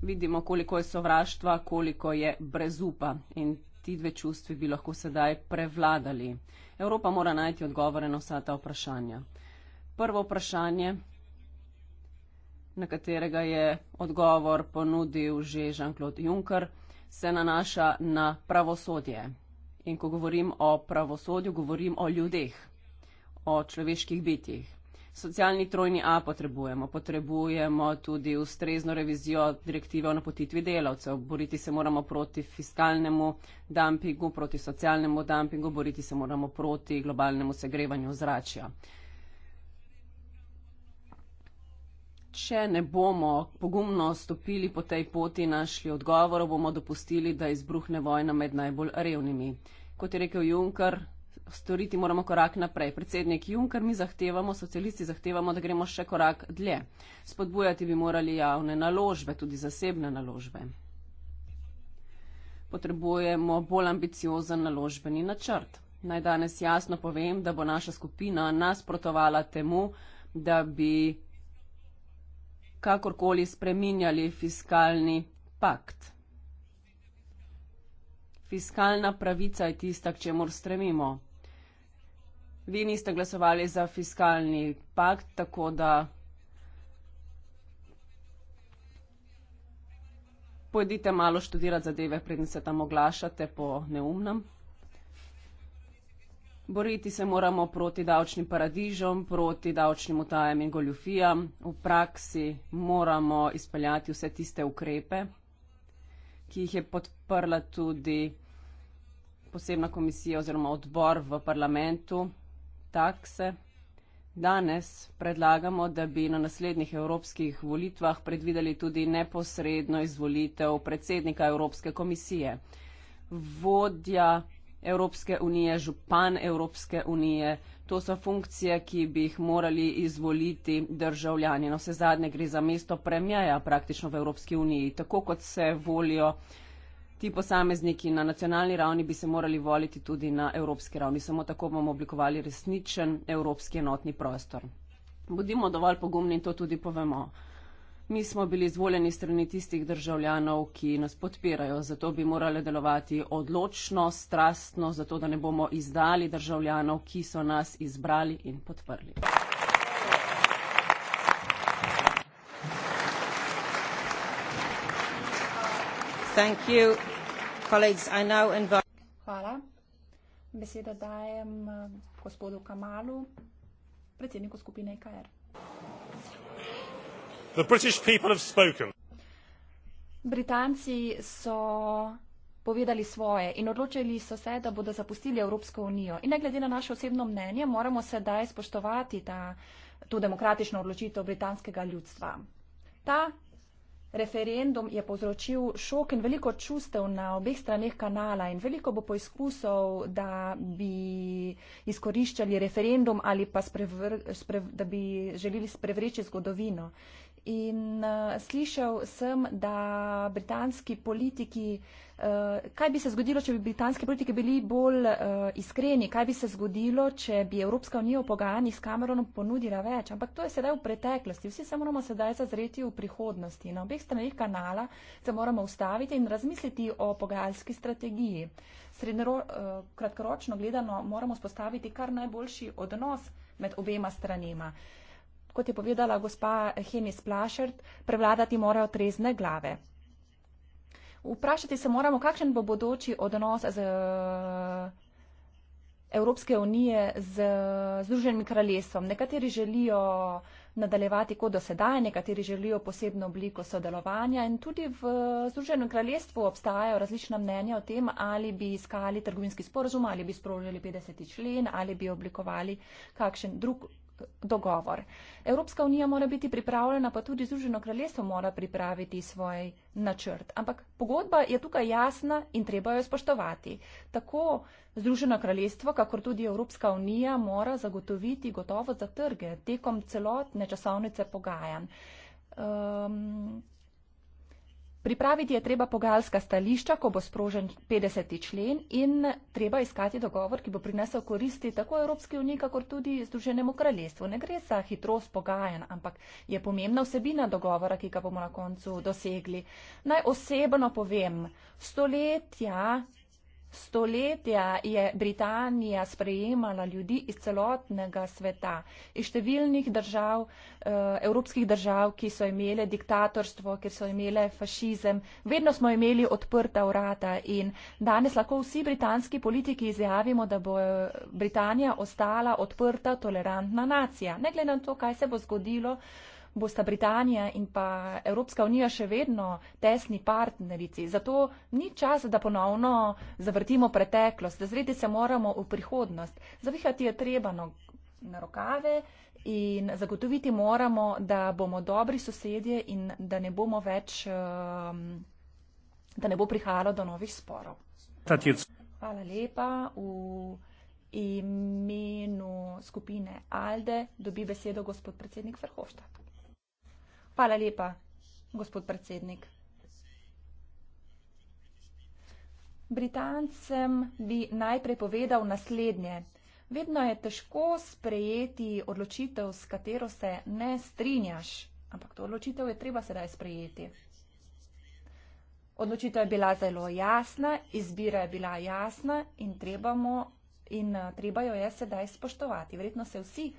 Vidimo, koliko je sovraštva, koliko je brezupa in ti dve čustvi bi lahko sedaj prevladali? Evropa mora najti odgovore na vsa ta vprašanja. Prvo vprašanje, na katerega je odgovor ponudil že Jean-Claude Juncker, se nanaša na pravosodje. In ko govorim o pravosodju, govorim o ljudeh, o človeških bitjih socialni trojni A potrebujemo. Potrebujemo tudi ustrezno revizijo direktive o napotitvi delavcev. Boriti se moramo proti fiskalnemu dumpingu, proti socialnemu dumpingu, boriti se moramo proti globalnemu segrevanju zračja. Če ne bomo pogumno stopili po tej poti in našli odgovor, bomo dopustili, da izbruhne vojna med najbolj revnimi. Kot je rekel Juncker, storiti moramo korak naprej. Predsednik Juncker, mi zahtevamo, socialisti zahtevamo, da gremo še korak dlje. Spodbujati bi morali javne naložbe, tudi zasebne naložbe. Potrebujemo bolj ambiciozen naložbeni načrt. Naj danes jasno povem, da bo naša skupina nasprotovala temu, da bi kakorkoli spreminjali fiskalni pakt. Fiskalna pravica je tista, k čemu stremimo. Vi niste glasovali za fiskalni pakt, tako da pojdite malo študirati zadeve, predtem se tam oglašate po neumnem. Boriti se moramo proti davčnim paradižom, proti davčnim utajem in goljufijam. V praksi moramo izpeljati vse tiste ukrepe, ki jih je podprla tudi posebna komisija oziroma odbor v parlamentu takse. Danes predlagamo, da bi na naslednjih evropskih volitvah predvideli tudi neposredno izvolitev predsednika Evropske komisije. Vodja Evropske unije, župan Evropske unije, to so funkcije, ki bi jih morali izvoliti državljani. No, vse zadnje gre za mesto premjaja praktično v Evropski uniji, tako kot se volijo ti posamezniki na nacionalni ravni bi se morali voliti tudi na evropski ravni. Samo tako bomo oblikovali resničen evropski enotni prostor. Bodimo dovolj pogumni in to tudi povemo. Mi smo bili izvoljeni strani tistih državljanov, ki nas podpirajo, zato bi morali delovati odločno, strastno, zato da ne bomo izdali državljanov, ki so nas izbrali in podprli. Besedo dajem eh, gospodu Kamalu, predsedniku skupine EKR. The British people have spoken. Britanci so povedali svoje in odločili so se, da bodo zapustili Evropsko unijo. In ne glede na naše osebno mnenje, moramo sedaj spoštovati ta, to demokratično odločitev britanskega ljudstva. Ta Referendum je povzročil šok in veliko čustev na obeh straneh kanala in veliko bo poizkusov, da bi izkoriščali referendum ali pa sprevr, sprev, da bi želeli sprevreči zgodovino. In uh, slišal sem, da britanski politiki uh, Eh, kaj bi se zgodilo, če bi britanski politiki bili bolj uh, iskreni, kaj bi se zgodilo, če bi Evropska unija v pogajanjih s Cameronom ponudila več. Ampak to je sedaj v preteklosti. Vsi se moramo sedaj zazreti v prihodnosti. Na obeh stranih kanala se moramo ustaviti in razmisliti o pogajalski strategiji. Srednjero, uh, kratkoročno gledano moramo spostaviti kar najboljši odnos med obema stranima. Kot je povedala gospa Hemis Plašert, prevladati morajo trezne glave. Vprašati se moramo, kakšen bo bodoči odnos z Evropske unije z Združenim kraljestvom. Nekateri želijo nadaljevati kot do sedaj, nekateri želijo posebno obliko sodelovanja in tudi v Združenem kraljestvu obstajajo različna mnenja o tem, ali bi iskali trgovinski sporozum, ali bi sprožili 50. člen, ali bi oblikovali kakšen drug dogovor. Evropska unija mora biti pripravljena, pa tudi Združeno kraljestvo mora pripraviti svoj načrt. Ampak pogodba je tukaj jasna in treba jo spoštovati. Tako Združeno kraljestvo, kakor tudi Evropska unija mora zagotoviti gotovo za trge tekom celotne časovnice pogajanj. Um, Pripraviti je treba pogalska stališča, ko bo sprožen 50. člen in treba iskati dogovor, ki bo prinesel koristi tako Evropski uniji, kakor tudi Združenemu kraljestvu. Ne gre za hitrost pogajanj, ampak je pomembna vsebina dogovora, ki ga bomo na koncu dosegli. Naj osebno povem, stoletja stoletja je Britanija sprejemala ljudi iz celotnega sveta, iz številnih držav, eh, evropskih držav, ki so imele diktatorstvo, ki so imele fašizem. Vedno smo imeli odprta vrata in danes lahko vsi britanski politiki izjavimo, da bo eh, Britanija ostala odprta, tolerantna nacija. Ne glede na to, kaj se bo zgodilo bosta Britanija in pa Evropska unija še vedno tesni partnerici. Zato ni čas, da ponovno zavrtimo preteklost. Zreti se moramo v prihodnost. Zavihati je treba no, na rokave in zagotoviti moramo, da bomo dobri sosedje in da ne bomo več, um, da ne bo prihajalo do novih sporov. Hvala lepa. V imenu skupine Alde dobi besedo gospod predsednik Verhofstadt. Hvala lepa, gospod predsednik. Britancem bi najprej povedal naslednje. Vedno je težko sprejeti odločitev, s katero se ne strinjaš, ampak to odločitev je treba sedaj sprejeti. Odločitev je bila zelo jasna, izbira je bila jasna in, trebamo, in eh, treba jo je sedaj spoštovati. Verjetno se vsi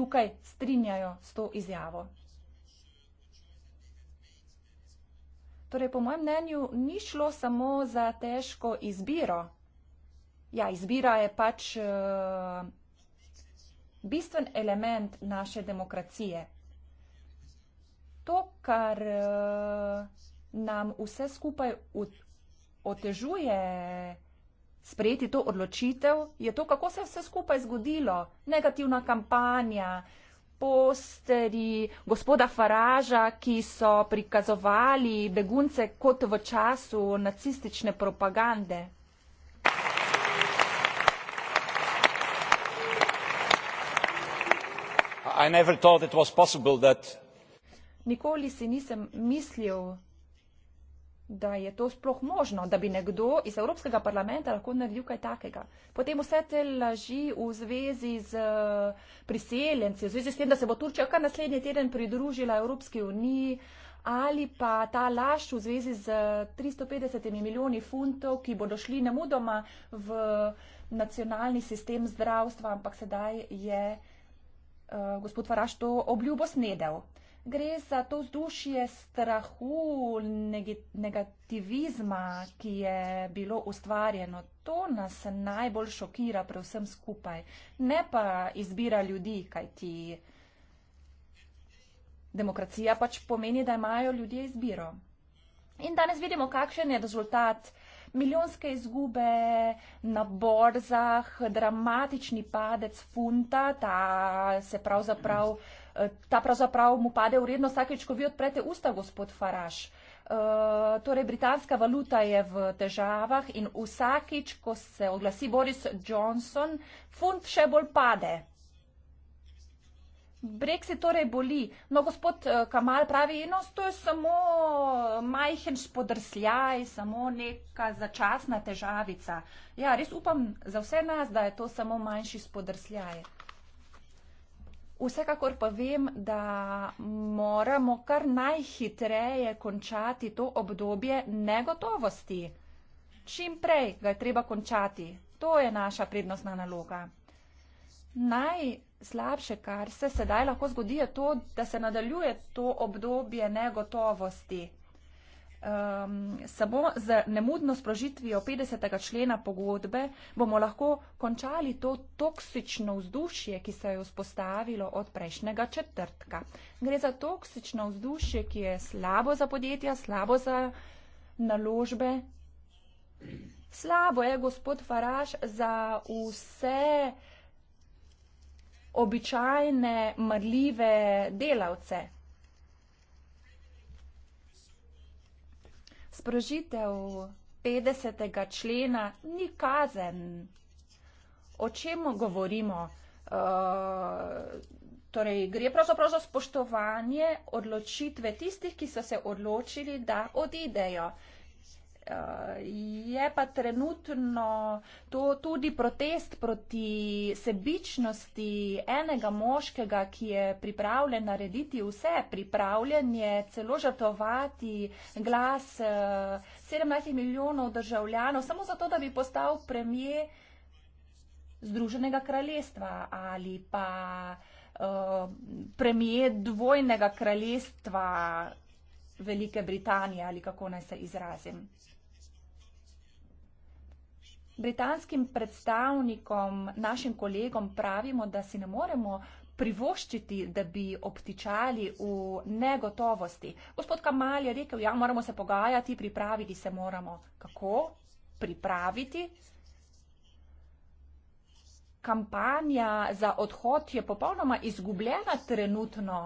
tukaj strinjajo s to izjavo. Torej, po mojem mnenju, ni šlo samo za težko izbiro. Ja, izbira je pač uh, bistven element naše demokracije. To, kar uh, nam vse skupaj otežuje sprejeti to odločitev, je to, kako se je vse skupaj zgodilo. Negativna kampanja, uh, posteri gospoda Faraža, ki so prikazovali begunce kot v času nacistične propagande. Nikoli si nisem mislil, da je to sploh možno, da bi nekdo iz Evropskega parlamenta lahko naredil kaj takega. Potem vse te laži v zvezi z eh, priseljenci, v zvezi s tem, da se bo Turčija kar naslednji teden pridružila Evropski uniji ali pa ta laž v zvezi z 350 eh, milijoni funtov, ki bodo šli nemudoma v eh, nacionalni sistem zdravstva, ampak sedaj je. Uh, gospod Faraš to obljubo snedel gre za to vzdušje strahu, negativizma, ki je bilo ustvarjeno. To nas najbolj šokira pri vsem skupaj. Ne pa izbira ljudi, kaj ti demokracija pač pomeni, da imajo ljudje izbiro. In danes vidimo, kakšen je rezultat. Milijonske izgube na borzah, dramatični padec funta, ta se pravzaprav. Prav Eh, ta pravzaprav mu pade vredno vsakeč, ko vi odprete usta, gospod Faraš. Uh, eh, torej, britanska valuta je v težavah in vsakič, ko se oglasi Boris Johnson, funt še bolj pade. Brexit torej boli. No, gospod eh, Kamal pravi, eno, to je samo majhen spodrsljaj, samo neka začasna težavica. Ja, res upam za vse nas, da je to samo manjši spodrsljaj. Vsekakor pa vem, da moramo kar najhitreje končati to obdobje negotovosti. Čim prej ga je treba končati. To je naša prednostna naloga. Najslabše, kar se sedaj lahko zgodi, je to, da se nadaljuje to obdobje negotovosti um, samo z nemudno sprožitvijo 50. člena pogodbe bomo lahko končali to toksično vzdušje, ki se je vzpostavilo od prejšnjega četrtka. Gre za toksično vzdušje, ki je slabo za podjetja, slabo za naložbe. Slabo je, gospod Faraž, za vse običajne, mrljive delavce. Sprožitev 50. člena ni kazen. O čem govorimo? Uh, torej, gre pravzaprav za spoštovanje odločitve tistih, ki so se odločili, da odidejo. Uh, Eh, je pa trenutno to tudi protest proti sebičnosti enega moškega, ki je pripravljen narediti vse, pripravljen je celo žrtovati glas 17 eh, milijonov državljanov, samo zato, da bi postal premije Združenega kraljestva ali pa uh, eh, premije dvojnega kraljestva. Velike Britanije ali kako naj se izrazim britanskim predstavnikom, našim kolegom, pravimo, da si ne moremo privoščiti, da bi obtičali v negotovosti. Gospod Kamal je rekel, ja, moramo se pogajati, pripraviti se moramo. Kako? Pripraviti? Kampanja za odhod je popolnoma izgubljena trenutno.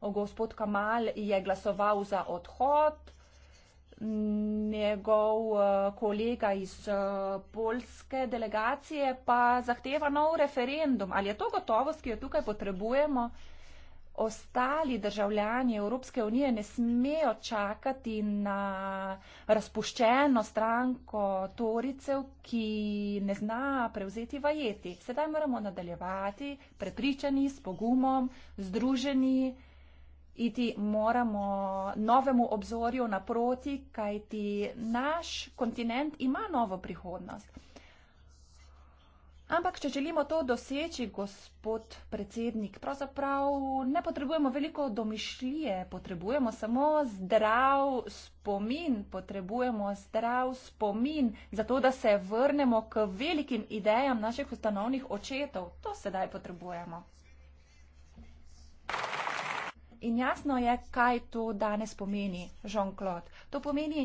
Gospod Kamal je glasoval za odhod njegov eh, kolega iz eh, polske delegacije pa zahteva nov referendum. Ali je to gotovost, ki jo tukaj potrebujemo? Ostali državljani Evropske unije ne smejo čakati na razpuščeno stranko Toricev, ki ne zna prevzeti vajeti. Sedaj moramo nadaljevati prepričani, s pogumom, združeni iti moramo novemu obzorju naproti, kajti naš kontinent ima novo prihodnost. Ampak, če želimo to doseči, gospod predsednik, pravzaprav ne potrebujemo veliko domišljije, potrebujemo samo zdrav spomin, potrebujemo zdrav spomin, zato da se vrnemo k velikim idejam naših ustanovnih očetov. To sedaj potrebujemo. In jasno je, kaj to danes pomeni, Jean-Claude. To pomeni,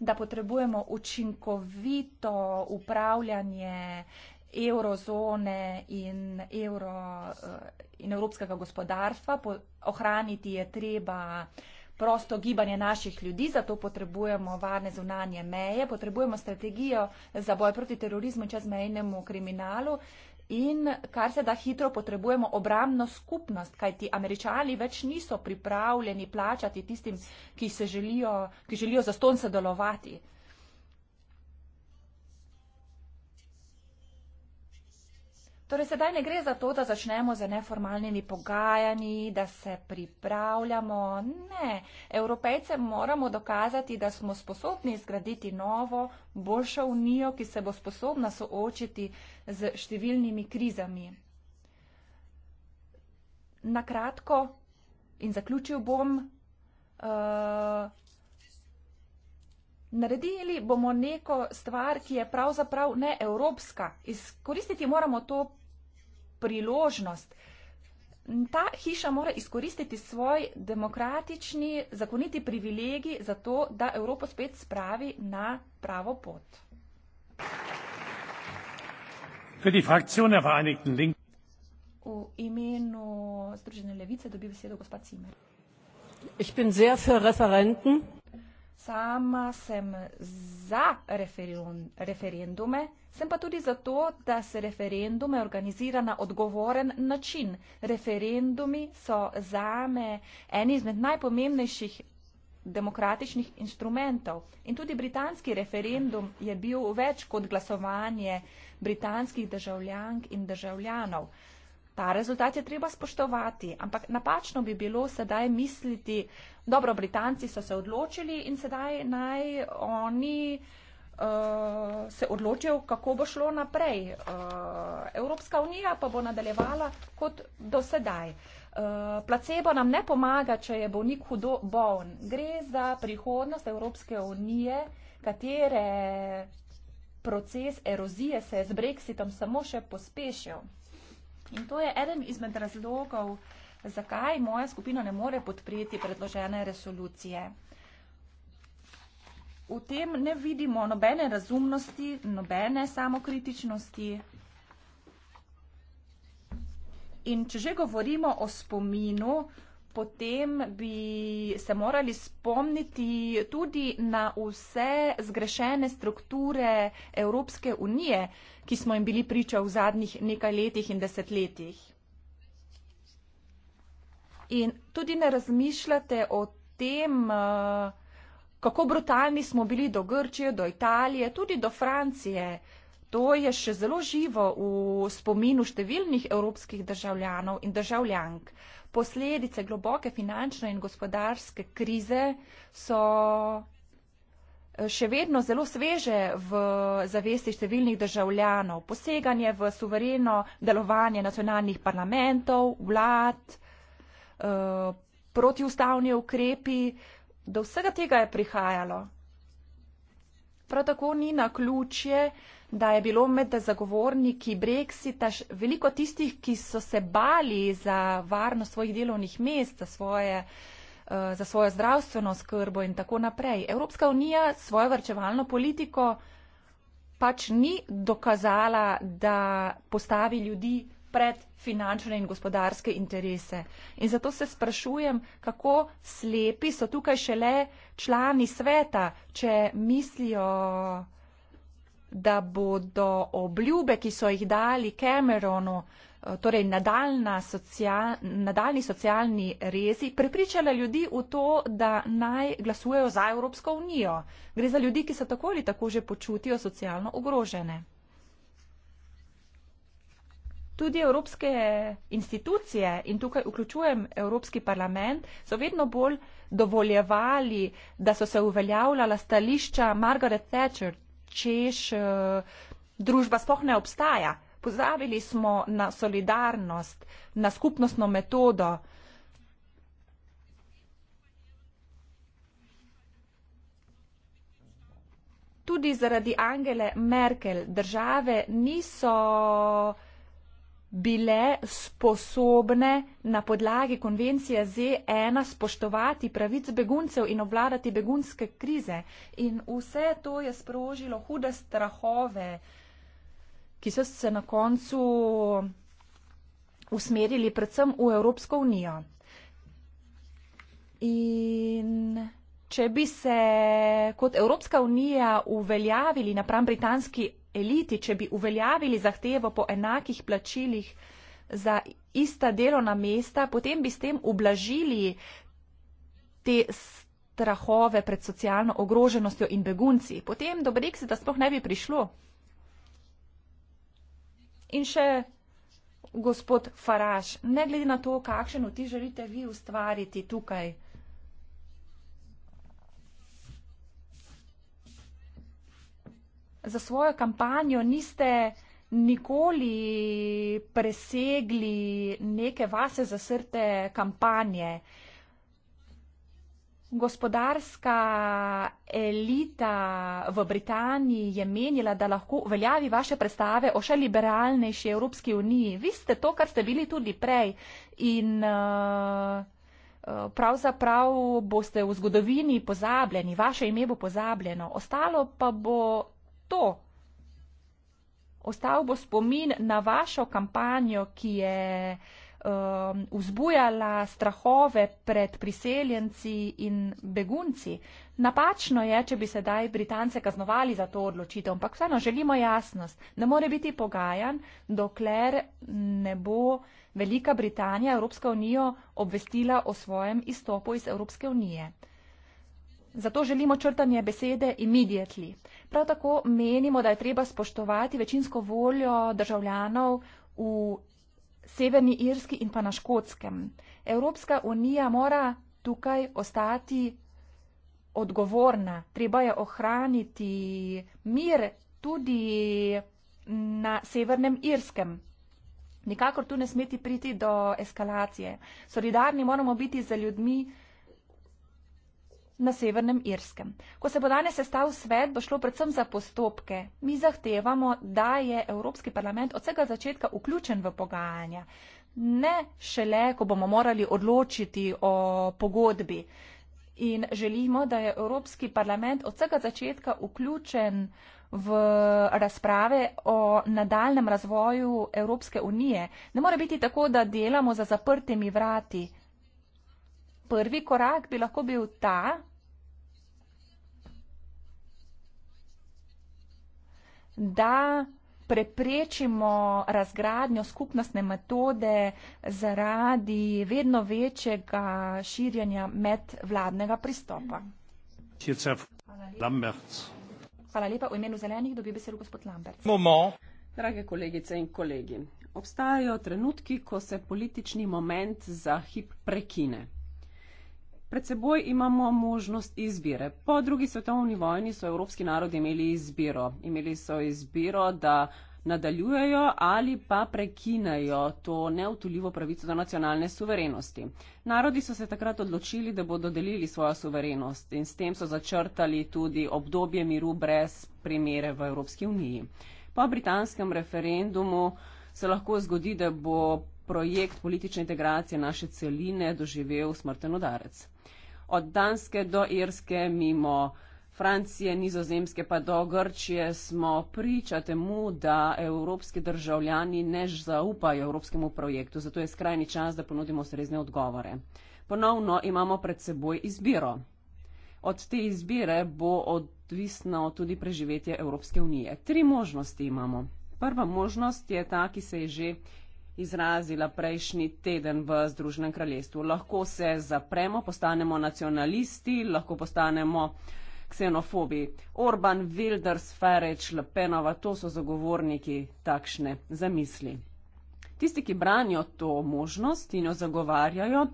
da potrebujemo učinkovito upravljanje eurozone in, euro, eh, in evropskega gospodarstva. Po, ohraniti je treba prosto gibanje naših ljudi, zato potrebujemo varne zunanje meje, potrebujemo strategijo za boj proti terorizmu in čezmejnemu kriminalu. Uh, In kar se da hitro potrebujemo obramno skupnost, kajti američani več niso pripravljeni plačati tistim, ki, želijo, ki želijo za ston sodelovati. Torej, sedaj ne gre za to, da začnemo z neformalnimi pogajanji, da se pripravljamo. Ne, evropejce moramo dokazati, da smo sposobni zgraditi novo, boljšo unijo, ki se bo sposobna soočiti z številnimi krizami. Na kratko in zaključil bom. Uh, naredili bomo neko stvar, ki je pravzaprav ne evropska. Izkoristiti moramo to priložnost. Ta hiša mora izkoristiti svoj demokratični, zakoniti privilegij za to, da Evropo spet spravi na pravo pot. V imenu Združene levice dobi besedo gospod Cimer. Ich bin sehr für Referenten. Sama sem za referendume, sem pa tudi za to, da se referendume organizira na odgovoren način. Referendumi so zame eni izmed najpomembnejših demokratičnih instrumentov. In tudi britanski referendum je bil več kot glasovanje britanskih državljank in državljanov. Uh, Ta rezultat je treba spoštovati, ampak napačno bi bilo sedaj misliti, dobro, Britanci so se odločili in sedaj naj oni uh, se odločijo, kako bo šlo naprej. Uh, Evropska unija pa bo nadaljevala kot do sedaj. Eh, placebo nam ne pomaga, če je bolnik hudo bolen. Gre za prihodnost Evropske unije, katere proces erozije se je z brexitom samo še pospešil. In to je eden izmed razlogov, zakaj moja skupina ne more podpreti predložene resolucije. V tem ne vidimo nobene razumnosti, nobene samokritičnosti. In če že govorimo o spominu, potem bi se morali spomniti tudi na vse zgrešene strukture Evropske unije, ki smo jim bili priča v zadnjih nekaj letih in desetletjih. In tudi ne razmišljate o tem, eh, kako brutalni smo bili do Grčije, do Italije, tudi do Francije. To je še zelo živo v spominu številnih evropskih državljanov in državljank. Posledice globoke finančne in gospodarske krize so eh, še vedno zelo sveže v zavesti številnih državljanov. Poseganje v suvereno delovanje nacionalnih parlamentov, vlad, eh, protiustavni ukrepi, do vsega tega je prihajalo. Prav tako ni na ključje, da je bilo med zagovorniki Brexita veliko tistih, ki so se bali za varnost svojih delovnih mest, za, svoje, eh, za svojo zdravstveno skrbo in tako naprej. Evropska unija svojo vrčevalno politiko pač ni dokazala, da postavi ljudi pred finančne in gospodarske interese. In zato se sprašujem, kako slepi so tukaj šele člani sveta, če mislijo, da bodo obljube, ki so jih dali Cameronu, eh, torej socia nadaljni socialni rezi, prepričale ljudi v to, da naj glasujejo za Evropsko unijo. Gre za ljudi, ki se tako ali tako že počutijo socialno ogrožene. Tudi evropske institucije in tukaj vključujem Evropski parlament so vedno bolj dovoljevali, da so se uveljavljala stališča Margaret Thatcher, češ, eh, družba sploh ne obstaja. Pozabili smo na solidarnost, na skupnostno metodo. Tudi zaradi Angele Merkel države niso bile sposobne na podlagi konvencije ZN spoštovati pravic beguncev in obvladati begunske krize. In vse to je sprožilo hude strahove, ki so se na koncu usmerili predvsem v Evropsko unijo. In če bi se kot Evropska unija uveljavili napram britanski eliti, če bi uveljavili zahtevo po enakih plačilih za ista delovna mesta, potem bi s tem ublažili te strahove pred socialno ogroženostjo in begunci. Potem do Brexita sploh ne bi prišlo. In še gospod Faraž, ne glede na to, kakšen vtis želite vi ustvariti tukaj. za svojo kampanjo niste nikoli presegli neke vase zasrte kampanje. Gospodarska elita v Britaniji je menila, da lahko uveljavi vaše predstave o še liberalnejši Evropski uniji. Vi ste to, kar ste bili tudi prej in uh, pravzaprav boste v zgodovini pozabljeni, vaše ime bo pozabljeno, ostalo pa bo to. Ostal bo spomin na vašo kampanjo, ki je um, vzbujala strahove pred priseljenci in begunci. Napačno je, če bi sedaj Britance kaznovali za to odločitev, ampak vseeno želimo jasnost. Ne more biti pogajan, dokler ne bo Velika Britanija Evropsko unijo obvestila o svojem izstopu iz Evropske unije. Zato želimo črtanje besede immediately. Prav tako menimo, da je treba spoštovati večinsko voljo državljanov v Severni Irski in pa na Škotskem. Evropska unija mora tukaj ostati odgovorna, treba je ohraniti mir tudi na Severnem Irskem. Nikakor tu ne smeti priti do eskalacije. Solidarni moramo biti za ljudmi, na Severnem Irskem. Ko se bo danes sestav svet, bo šlo predvsem za postopke. Mi zahtevamo, da je Evropski parlament od vsega začetka vključen v pogajanja. Ne šele, ko bomo morali odločiti o pogodbi. In želimo, da je Evropski parlament od vsega začetka vključen v razprave o nadaljem razvoju Evropske unije. Ne more biti tako, da delamo za zaprtimi vrati. Prvi korak bi lahko bil ta, da preprečimo razgradnjo skupnostne metode zaradi vedno večjega širjenja medvladnega pristopa. Hvala lepa. V imenu zelenih dobi besedo gospod Lambert. Drage kolegice in kolegi, obstajajo trenutki, ko se politični moment za hip prekine. Pred seboj imamo možnost izbire. Po drugi svetovni vojni so evropski narodi imeli izbiro. Imeli so izbiro, da nadaljujejo ali pa prekinejo to neutoljivo pravico do nacionalne suverenosti. Narodi so se takrat odločili, da bodo delili svojo suverenost in s tem so začrtali tudi obdobje miru brez primere v Evropski uniji. Po britanskem referendumu se lahko zgodi, da bo projekt politične integracije naše celine doživel smrten udarec od Danske do Irske, mimo Francije, Nizozemske pa do Grčije, smo priča temu, da evropski državljani ne zaupajo evropskemu projektu, zato je skrajni čas, da ponudimo srezne odgovore. Ponovno imamo pred seboj izbiro. Od te izbire bo odvisno tudi preživetje Evropske unije. Tri možnosti imamo. Prva možnost je ta, ki se je že izrazila prejšnji teden v Združenem kraljestvu. Lahko se zapremo, postanemo nacionalisti, lahko postanemo ksenofobi. Orban, Wilders, Ferreč, Lepenova, to so zagovorniki takšne zamisli. Tisti, ki branijo to možnost in jo zagovarjajo,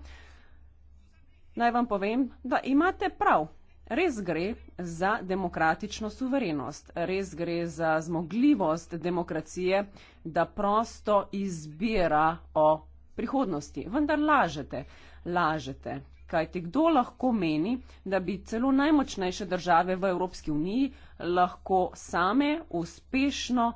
naj vam povem, da imate prav. Res gre za demokratično suverenost, res gre za zmogljivost demokracije, da prosto izbira o prihodnosti. Vendar lažete, lažete. Kajti kdo lahko meni, da bi celo najmočnejše države v Evropski uniji lahko same uspešno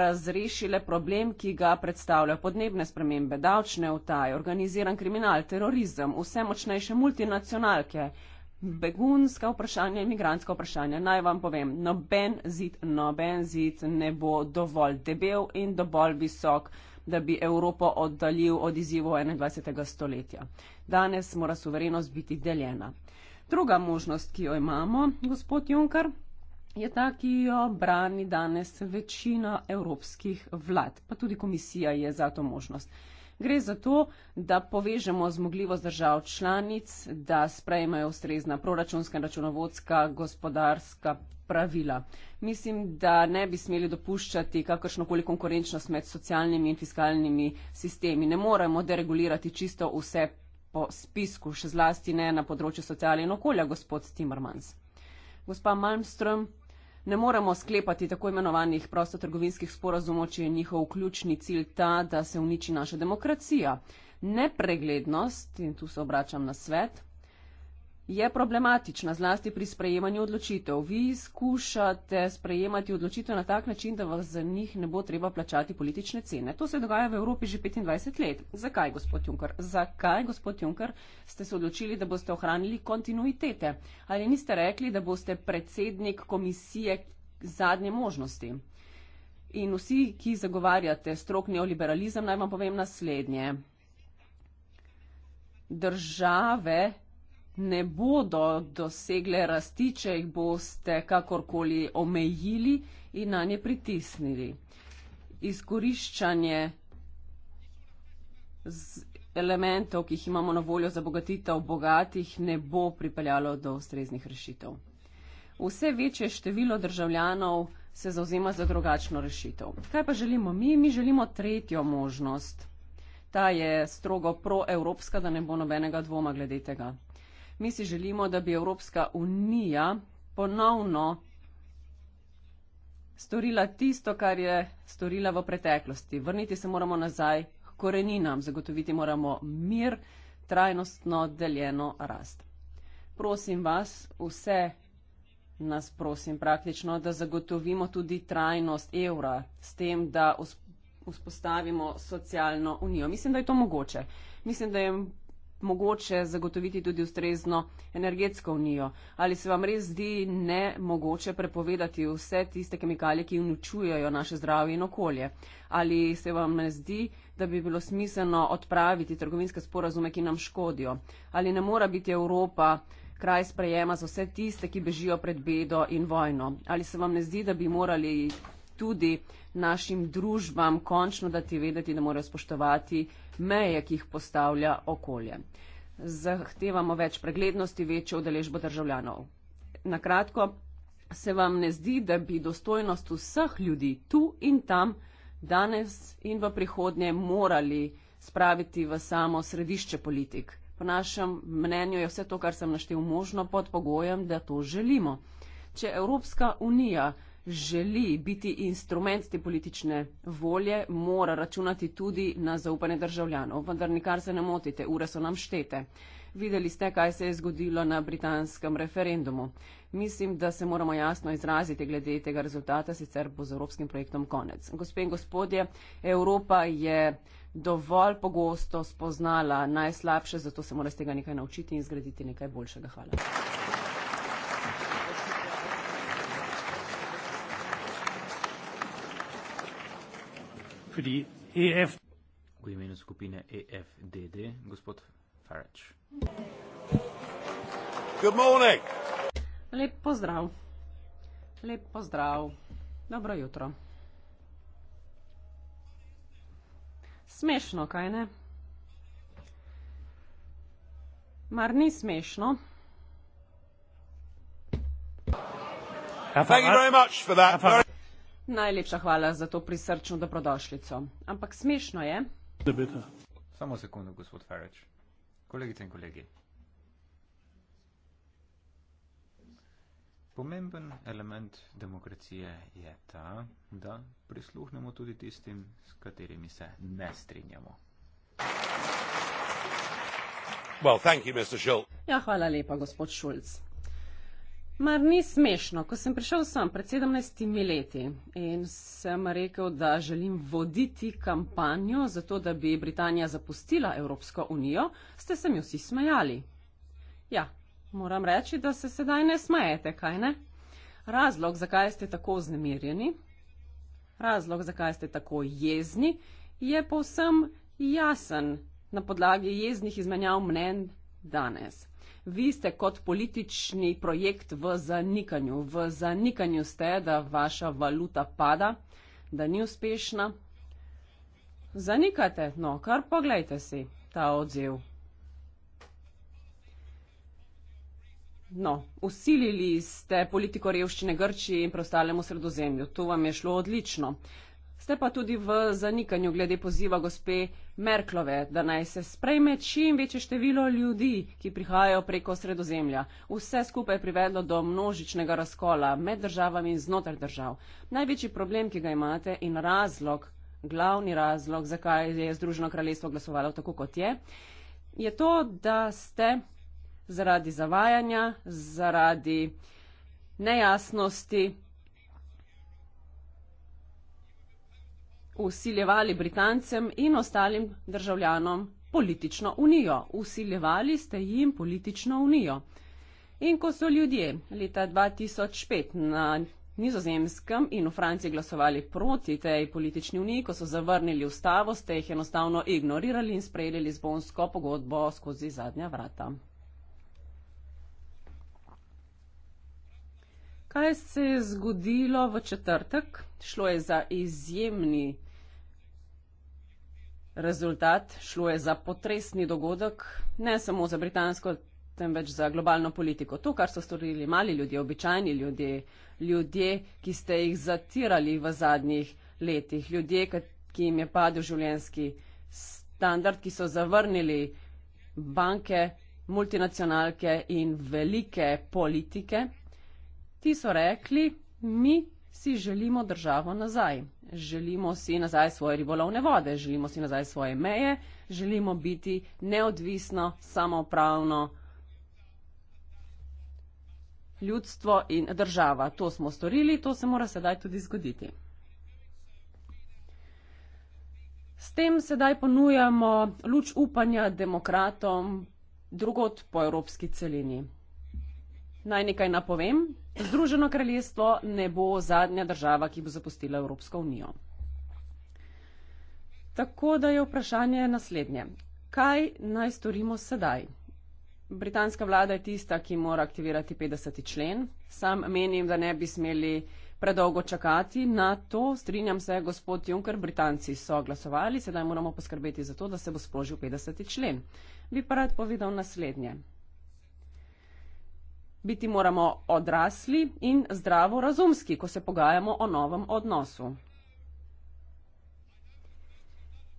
razrešile problem, ki ga predstavljajo podnebne spremembe, davčne utaje, organiziran kriminal, terorizem, vse močnejše multinacionalke, begunska vprašanja, imigrantska vprašanja. Naj vam povem, noben zid, noben zid ne bo dovolj debel in dovolj visok, da bi Evropo oddaljil od izzivov 21. stoletja. Danes mora suverenost biti deljena. Druga možnost, ki jo imamo, gospod Juncker, je ta, ki jo brani danes večina evropskih vlad, pa tudi komisija je za to možnost. Gre za to, da povežemo zmogljivost držav članic, da sprejmajo ustrezna proračunska in računovodska gospodarska pravila. Mislim, da ne bi smeli dopuščati kakršnokoli konkurenčnost med socialnimi in fiskalnimi sistemi. Ne moremo deregulirati čisto vse po spisku, še zlasti ne na področju socialne in okolja, gospod Timmermans. Gospa Malmström, ne moremo sklepati tako imenovanih prostotrgovinskih sporazumov, če je njihov ključni cilj ta, da se uniči naša demokracija. Nepreglednost, in tu se obračam na svet, je problematična, zlasti pri sprejemanju odločitev. Vi skušate sprejemati odločitev na tak način, da vas za njih ne bo treba plačati politične cene. To se dogaja v Evropi že 25 let. Zakaj, gospod Juncker? Zakaj, gospod Juncker, ste se odločili, da boste ohranili kontinuitete? Ali niste rekli, da boste predsednik komisije zadnje možnosti? In vsi, ki zagovarjate strok neoliberalizem, naj vam povem naslednje. Države ne bodo dosegle rasti, če jih boste kakorkoli omejili in na nje pritisnili. Izkoriščanje z elementov, ki jih imamo na voljo za bogatitev bogatih, ne bo pripeljalo do ustreznih rešitev. Vse večje število državljanov se zauzema za drugačno rešitev. Kaj pa želimo mi? Mi želimo tretjo možnost. Ta je strogo proevropska, da ne bo nobenega dvoma glede tega. Mi si želimo, da bi Evropska unija ponovno storila tisto, kar je storila v preteklosti. Vrniti se moramo nazaj k koreninam, zagotoviti moramo mir, trajnostno deljeno rast. Prosim vas, vse nas prosim praktično, da zagotovimo tudi trajnost evra s tem, da vzpostavimo socialno unijo. Mislim, da je to mogoče. Mislim, da je mogoče zagotoviti tudi ustrezno energetsko unijo. Ali se vam res zdi ne mogoče prepovedati vse tiste kemikalije, ki uničujejo naše zdravje in okolje? Ali se vam ne zdi, da bi bilo smiselno odpraviti trgovinske sporazume, ki nam škodijo? Ali ne mora biti Evropa kraj sprejema za vse tiste, ki bežijo pred bedo in vojno? Ali se vam ne zdi, da bi morali tudi našim družbam končno dati vedeti, da morajo spoštovati meje, ki jih postavlja okolje. Zahtevamo več preglednosti, večjo udeležbo državljanov. Nakratko, se vam ne zdi, da bi dostojnost vseh ljudi tu in tam danes in v prihodnje morali spraviti v samo središče politik? Po našem mnenju je vse to, kar sem naštel, možno pod pogojem, da to želimo. Če Evropska unija želi biti instrument te politične volje, mora računati tudi na zaupanje državljanov. Vendar nikar se ne motite, ure so nam štete. Videli ste, kaj se je zgodilo na britanskem referendumu. Mislim, da se moramo jasno izraziti glede tega rezultata, sicer bo z evropskim projektom konec. Gospe in gospodje, Evropa je dovolj pogosto spoznala najslabše, zato se mora z tega nekaj naučiti in zgraditi nekaj boljšega. Hvala. für die EF. V imenu skupine EFDD, gospod Farage. Lep pozdrav. Lep pozdrav. Dobro jutro. Smešno, kaj ne? Mar ni smešno? Hvala. Najlepša hvala za to prisrčno dobrodošlico. Ampak smešno je. Samo sekundo, gospod Ferič. Kolegice in kolegi. Pomemben element demokracije je ta, da prisluhnemo tudi tistim, s katerimi se ne strinjamo. Well, thank you, Mr. Schultz. Ja, hvala lepa, gospod Schultz. Mar ni smešno, ko sem prišel sem pred 17 leti in sem rekel, da želim voditi kampanjo za to, da bi Britanija zapustila Evropsko unijo, ste se mi vsi smejali. Ja, moram reči, da se sedaj ne smejete, kaj ne? Razlog, zakaj ste tako znemirjeni, razlog, zakaj ste tako jezni, je povsem jasen na podlagi jeznih izmenjav mnen danes. Vi ste kot politični projekt v zanikanju. V zanikanju ste, da vaša valuta pada, da ni uspešna. Zanikate, no kar pogledajte si ta odziv. No, usilili ste politiko revščine Grčiji in preostalemu sredozemlju. To vam je šlo odlično. Uh, ste pa tudi v zanikanju glede poziva gospe Merklove, da naj se sprejme čim večje število ljudi, ki prihajajo preko sredozemlja. Vse skupaj je privedlo do množičnega razkola med državami in znotraj držav. Največji problem, ki ga imate in razlog, glavni razlog, zakaj je Združeno kraljestvo glasovalo tako, kot je, je to, da ste zaradi zavajanja, zaradi nejasnosti, usiljevali Britancem in ostalim državljanom politično unijo. Usiljevali ste jim politično unijo. In ko so ljudje leta 2005 na nizozemskem in v Franciji glasovali proti tej politični uniji, ko so zavrnili ustavo, ste jih enostavno ignorirali in sprejeli Lizbonsko pogodbo skozi zadnja vrata. Kaj se je zgodilo v četrtek? Šlo je za izjemni rezultat. Šlo je za potresni dogodek, ne samo za britansko, temveč za globalno politiko. To, kar so storili mali ljudje, običajni ljudje, ljudje, ki ste jih zatirali v zadnjih letih, ljudje, ki jim je padel življenski standard, ki so zavrnili banke, multinacionalke in velike politike, ti so rekli, mi si želimo državo nazaj. Želimo si nazaj svoje ribolovne vode, želimo si nazaj svoje meje, želimo biti neodvisno, samopravno ljudstvo in država. To smo storili, to se mora sedaj tudi zgoditi. S tem sedaj ponujamo luč upanja demokratom drugot po evropski celini. Naj nekaj napovem. Združeno kraljestvo ne bo zadnja država, ki bo zapustila Evropsko unijo. Tako da je vprašanje naslednje. Kaj naj storimo sedaj? Britanska vlada je tista, ki mora aktivirati 50. člen. Sam menim, da ne bi smeli predolgo čakati na to. Strinjam se, gospod Juncker, Britanci so glasovali, sedaj moramo poskrbeti za to, da se bo sprožil 50. člen. Bi pa rad povedal naslednje. Biti moramo odrasli in zdravo razumski, ko se pogajamo o novem odnosu.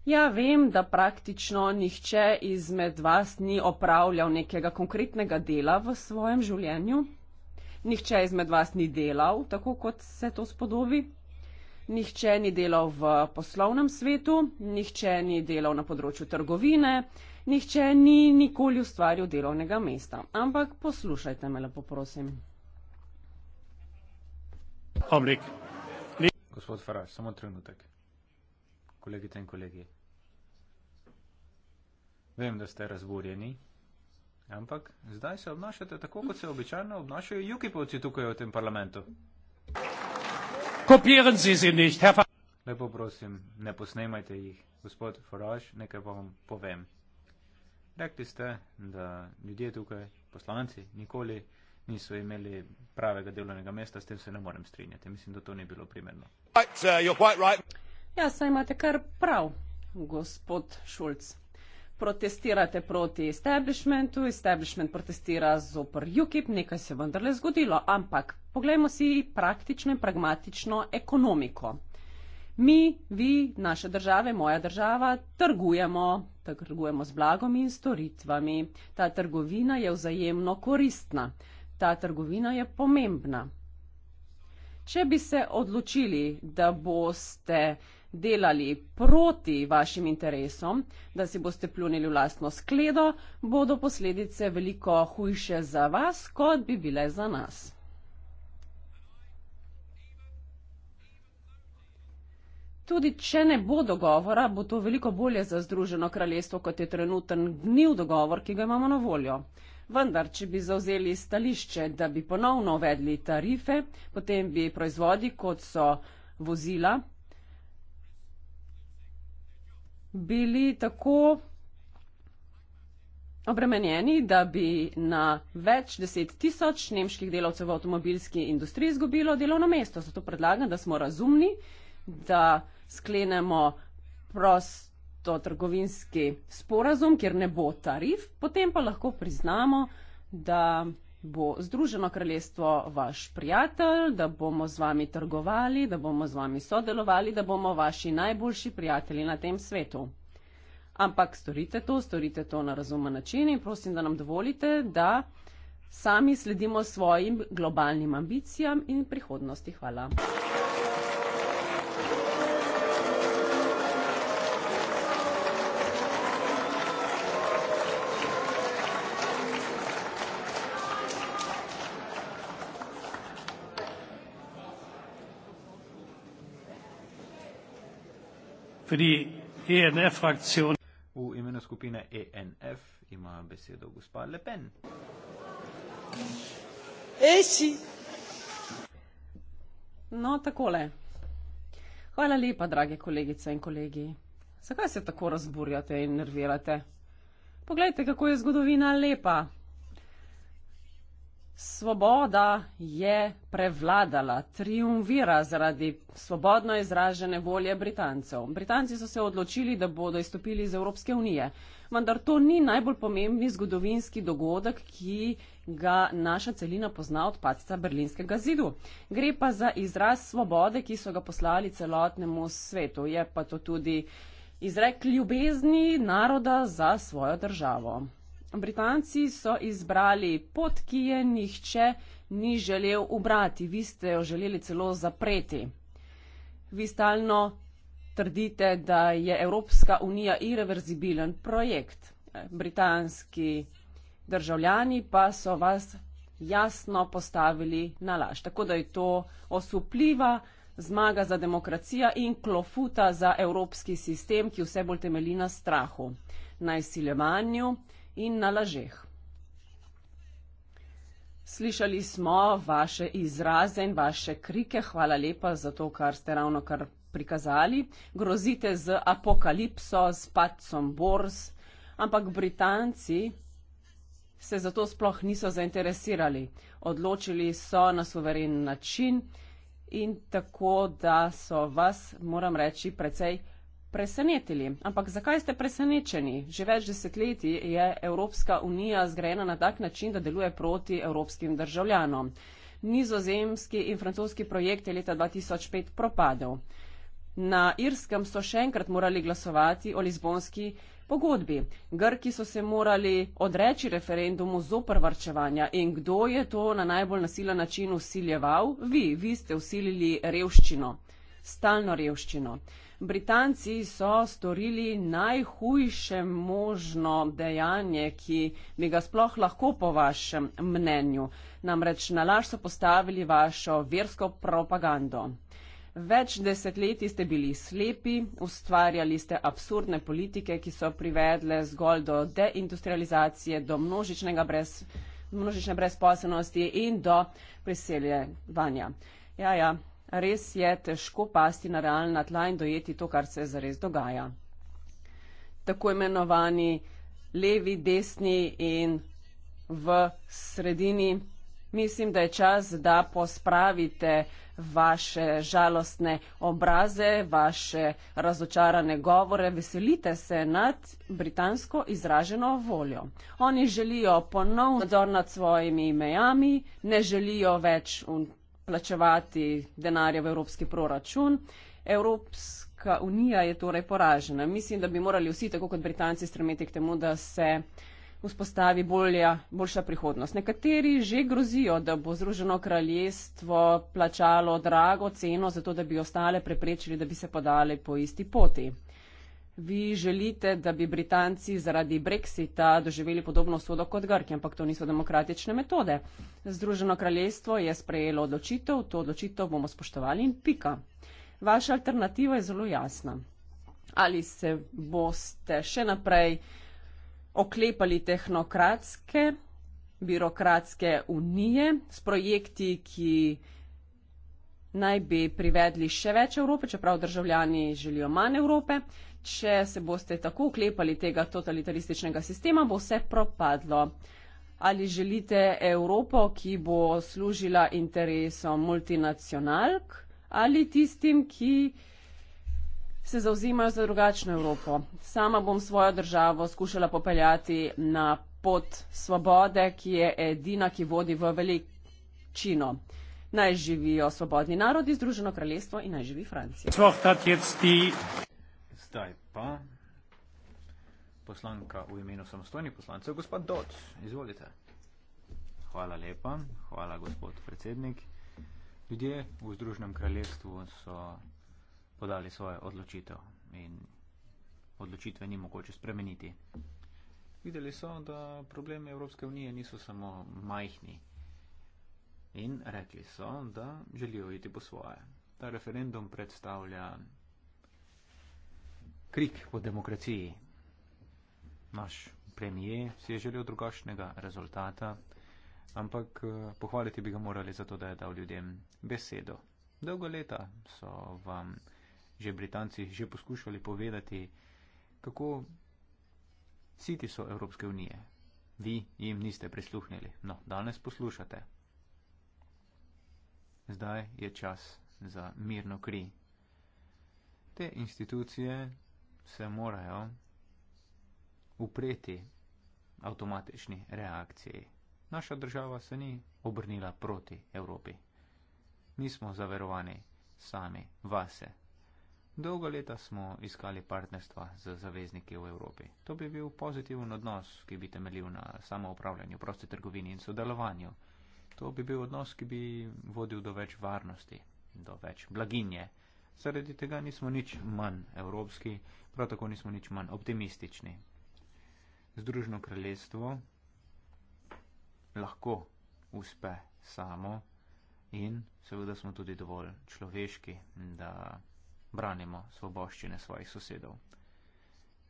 Ja, vem, da praktično nihče izmed vas ni opravljal nekega konkretnega dela v svojem življenju. Nihče izmed vas ni delal, tako kot se to spodobi. Nihče ni delal v poslovnem svetu, nihče ni delal na področju trgovine, Nihče ni nikoli ustvaril delovnega mesta, ampak poslušajte me lepo prosim. Omlik. Gospod Faraž, samo trenutek. Kolegite in kolegi. Vem, da ste razburjeni, ampak zdaj se obnašate tako, kot se običajno obnašajo jukipovci tukaj v tem parlamentu. Kopiran si si nič, herr Faraž. Lepo prosim, ne posnemajte jih. Gospod Faraž, nekaj vam povem. Rekli ste, da ljudje tukaj, poslanci, nikoli niso imeli pravega delovnega mesta, s tem se ne morem strinjati. Mislim, da to ni bilo primerno. Uh, ja, saj imate kar prav, gospod Šulc. Protestirate proti establishmentu, establishment protestira zopr UKIP, nekaj se vendarle zgodilo. Ampak poglejmo si praktično in pragmatično ekonomiko mi, vi, naše države, moja država, trgujemo, trgujemo z blagom in storitvami. Ta trgovina je vzajemno koristna, ta trgovina je pomembna. Če bi se odločili, da boste delali proti vašim interesom, da si boste pljunili v lastno skledo, bodo posledice veliko hujše za vas, kot bi bile za nas. Tudi če ne bo dogovora, bo to veliko bolje za Združeno kraljestvo, kot je trenuten gnil dogovor, ki ga imamo na voljo. Vendar, če bi zauzeli stališče, da bi ponovno uvedli tarife, potem bi proizvodi, kot so vozila, bili tako obremenjeni, da bi na več deset tisoč nemških delavcev v avtomobilski industriji izgubilo delovno mesto. Zato predlagam, da smo razumni, da sklenemo prostotrgovinski sporazum, kjer ne bo tarif, potem pa lahko priznamo, da bo Združeno kraljestvo vaš prijatelj, da bomo z vami trgovali, da bomo z vami sodelovali, da bomo vaši najboljši prijatelji na tem svetu. Ampak storite to, storite to na razumen način in prosim, da nam dovolite, da sami sledimo svojim globalnim ambicijam in prihodnosti. Hvala. pri ENF frakciji. V imenu skupine ENF ima besedo gospa Le Pen. Eši. No, takole. Hvala lepa, drage kolegice in kolegi. Zakaj se tako razburjate in nervirate? Poglejte, kako je zgodovina lepa. Svoboda je prevladala, triumvira zaradi svobodno izražene volje Britancev. Britanci so se odločili, da bodo izstopili iz Evropske unije, vendar to ni najbolj pomembni zgodovinski dogodek, ki ga naša celina pozna od padca berlinskega zidu. Gre pa za izraz svobode, ki so ga poslali celotnemu svetu. Je pa to tudi izrek ljubezni naroda za svojo državo. Britanci so izbrali pot, ki je nihče ni želel ubrati. Vi ste jo želeli celo zapreti. Vi stalno trdite, da je Evropska unija irreverzibilen projekt. Britanski državljani pa so vas jasno postavili na laž. Tako da je to osupljiva zmaga za demokracijo in klofuta za evropski sistem, ki vse bolj temeli na strahu, na izsiljevanju in na lažeh. Slišali smo vaše izraze in vaše krike. Hvala lepa za to, kar ste ravno kar prikazali. Grozite z apokalipso, s padcom borz, ampak Britanci se za to sploh niso zainteresirali. Odločili so na suveren način in tako, da so vas, moram reči, precej presenetili. Ampak zakaj ste presenečeni? Že več desetletij je Evropska unija zgrajena na tak način, da deluje proti evropskim državljanom. Nizozemski in francoski projekt je leta 2005 propadel. Na Irskem so še enkrat morali glasovati o Lizbonski pogodbi. Grki so se morali odreči referendumu zopr varčevanja in kdo je to na najbolj nasilen način usiljeval? Vi, vi ste usilili revščino stalno revščino. Britanci so storili najhujše možno dejanje, ki bi ga sploh lahko po vašem mnenju. Namreč na laž so postavili vašo versko propagando. Več desetletij ste bili slepi, ustvarjali ste absurdne politike, ki so privedle zgolj do deindustrializacije, do brez, množične brezposobnosti in do priseljevanja. Ja, ja, Res je težko pasti na realna tla in dojeti to, kar se zares dogaja. Tako imenovani levi, desni in v sredini. Mislim, da je čas, da pospravite vaše žalostne obraze, vaše razočarane govore, veselite se nad britansko izraženo voljo. Oni želijo ponovno nadzor nad svojimi mejami, ne želijo več plačevati denarja v evropski proračun. Evropska unija je torej poražena. Mislim, da bi morali vsi, tako kot Britanci, stremeti k temu, da se vzpostavi bolja, boljša prihodnost. Nekateri že grozijo, da bo Združeno kraljestvo plačalo drago ceno, zato da bi ostale preprečili, da bi se podale po isti poti. Vi želite, da bi Britanci zaradi brexita doživeli podobno sodo kot Grki, ampak to niso demokratične metode. Združeno kraljestvo je sprejelo odločitev, to odločitev bomo spoštovali in pika. Vaša alternativa je zelo jasna. Ali se boste še naprej oklepali tehnokratske, birokratske unije s projekti, ki naj bi privedli še več Evrope, čeprav državljani želijo manj Evrope če se boste tako uklepali tega totalitarističnega sistema, bo vse propadlo. Ali želite Evropo, ki bo služila interesom multinacionalk ali tistim, ki se zauzimajo za drugačno Evropo? Sama bom svojo državo skušala popeljati na pot svobode, ki je edina, ki vodi v velikčino. Naj živijo svobodni narodi, Združeno kraljestvo in naj živi Francija. Zdaj pa poslanka v imenu samostojnih poslancev, gospod Doč, izvolite. Hvala lepa, hvala gospod predsednik. Ljudje v Združenem kraljestvu so podali svoje odločitev in odločitve ni mogoče spremeniti. Videli so, da problemi Evropske unije niso samo majhni in rekli so, da želijo iti po svoje. Ta referendum predstavlja krik po demokraciji. Naš premijer si je želel drugačnega rezultata, ampak eh, pohvaliti bi ga morali za to, da je dal ljudem besedo. Dolgo leta so vam že Britanci že poskušali povedati, kako siti so Evropske unije. Vi jim niste prisluhnili. No, danes poslušate. Zdaj je čas za mirno kri. Te institucije se morajo upreti avtomatični reakciji. Naša država se ni obrnila proti Evropi. Nismo zaverovani sami vase. Dolga leta smo iskali partnerstva z zavezniki v Evropi. To bi bil pozitiven odnos, ki bi temeljil na samoupravljanju, prosti trgovini in sodelovanju. To bi bil odnos, ki bi vodil do več varnosti, do več blaginje zaradi tega nismo nič manj evropski, prav tako nismo nič manj optimistični. Združeno kraljestvo lahko uspe samo in seveda smo tudi dovolj človeški, da branimo svoboščine svojih sosedov.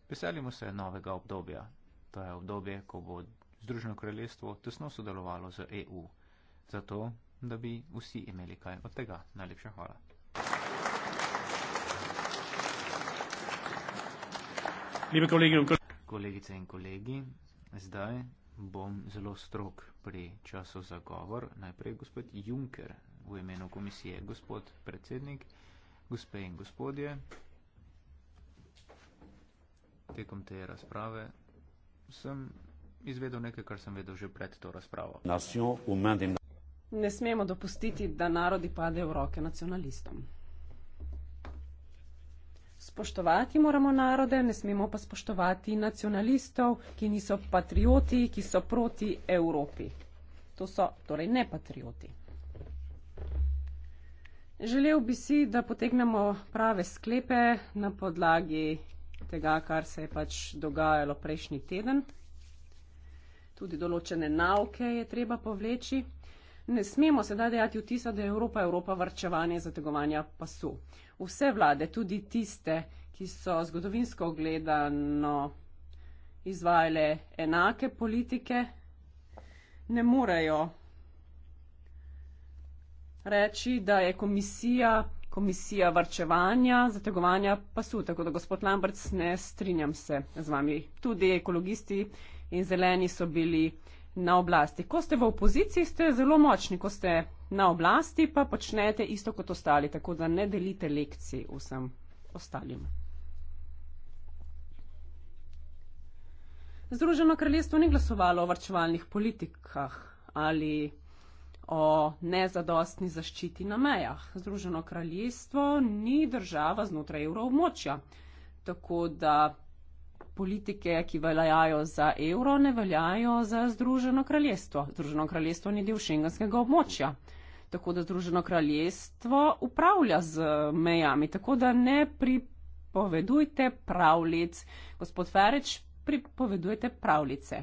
Veselimo se novega obdobja. To je obdobje, ko bo Združeno kraljestvo tesno sodelovalo z EU, zato da bi vsi imeli kaj od tega. Najlepša hvala. Liebe Kolleginnen und Kollegen. Kolegice in kolegi, zdaj bom zelo strok pri času za govor. Najprej gospod Juncker v imenu komisije, gospod predsednik, gospe in gospodje, tekom te razprave sem izvedel nekaj, kar sem vedel že pred to razpravo. Ne smemo dopustiti, da narodi padejo v roke nacionalistom spoštovati moramo narode, ne smemo pa spoštovati nacionalistov, ki niso patrioti, ki so proti Evropi. To so torej ne patrioti. Želel bi si, da potegnemo prave sklepe na podlagi tega, kar se je pač dogajalo prejšnji teden. Tudi določene nauke je treba povleči. Ne smemo sedaj dejati vtisa, da je Evropa Evropa vrčevanja in zategovanja pasu. Vse vlade, tudi tiste, ki so zgodovinsko gledano izvajale enake politike, ne morejo reči, da je komisija, komisija vrčevanja, zategovanja pasu. Tako da, gospod Lambrc, ne strinjam se z vami. Tudi ekologisti in zeleni so bili na oblasti. Ko ste v opoziciji, ste zelo močni, ko ste na oblasti, pa počnete isto kot ostali, tako da ne delite lekcij vsem ostalim. Združeno kraljestvo ni glasovalo o vrčevalnih politikah ali o nezadostni zaščiti na mejah. Združeno kraljestvo ni država znotraj evroobmočja, tako da politike, ki veljajo za evro, ne veljajo za Združeno kraljestvo. Združeno kraljestvo ni del šengenskega območja. Tako da Združeno kraljestvo upravlja z eh, mejami. Tako da ne pripovedujte pravlic. Gospod Ferič, pripovedujte pravlice.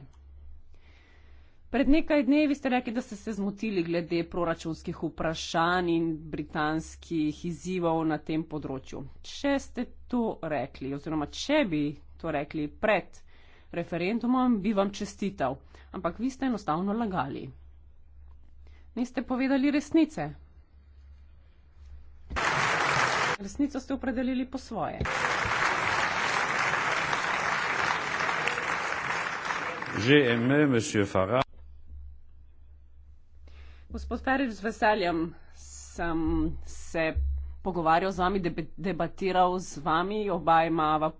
Pred nekaj dnevi ste rekli, da ste se zmotili glede proračunskih vprašanj in britanskih izzivov na tem področju. Če ste to rekli, oziroma če bi to rekli pred referendumom, bi vam čestital, ampak vi ste enostavno lagali. Niste povedali resnice. Resnico ste opredelili po svoje. Gospod Ferič, z veseljem sem se pogovarjal z vami, debatiral z vami, oba imava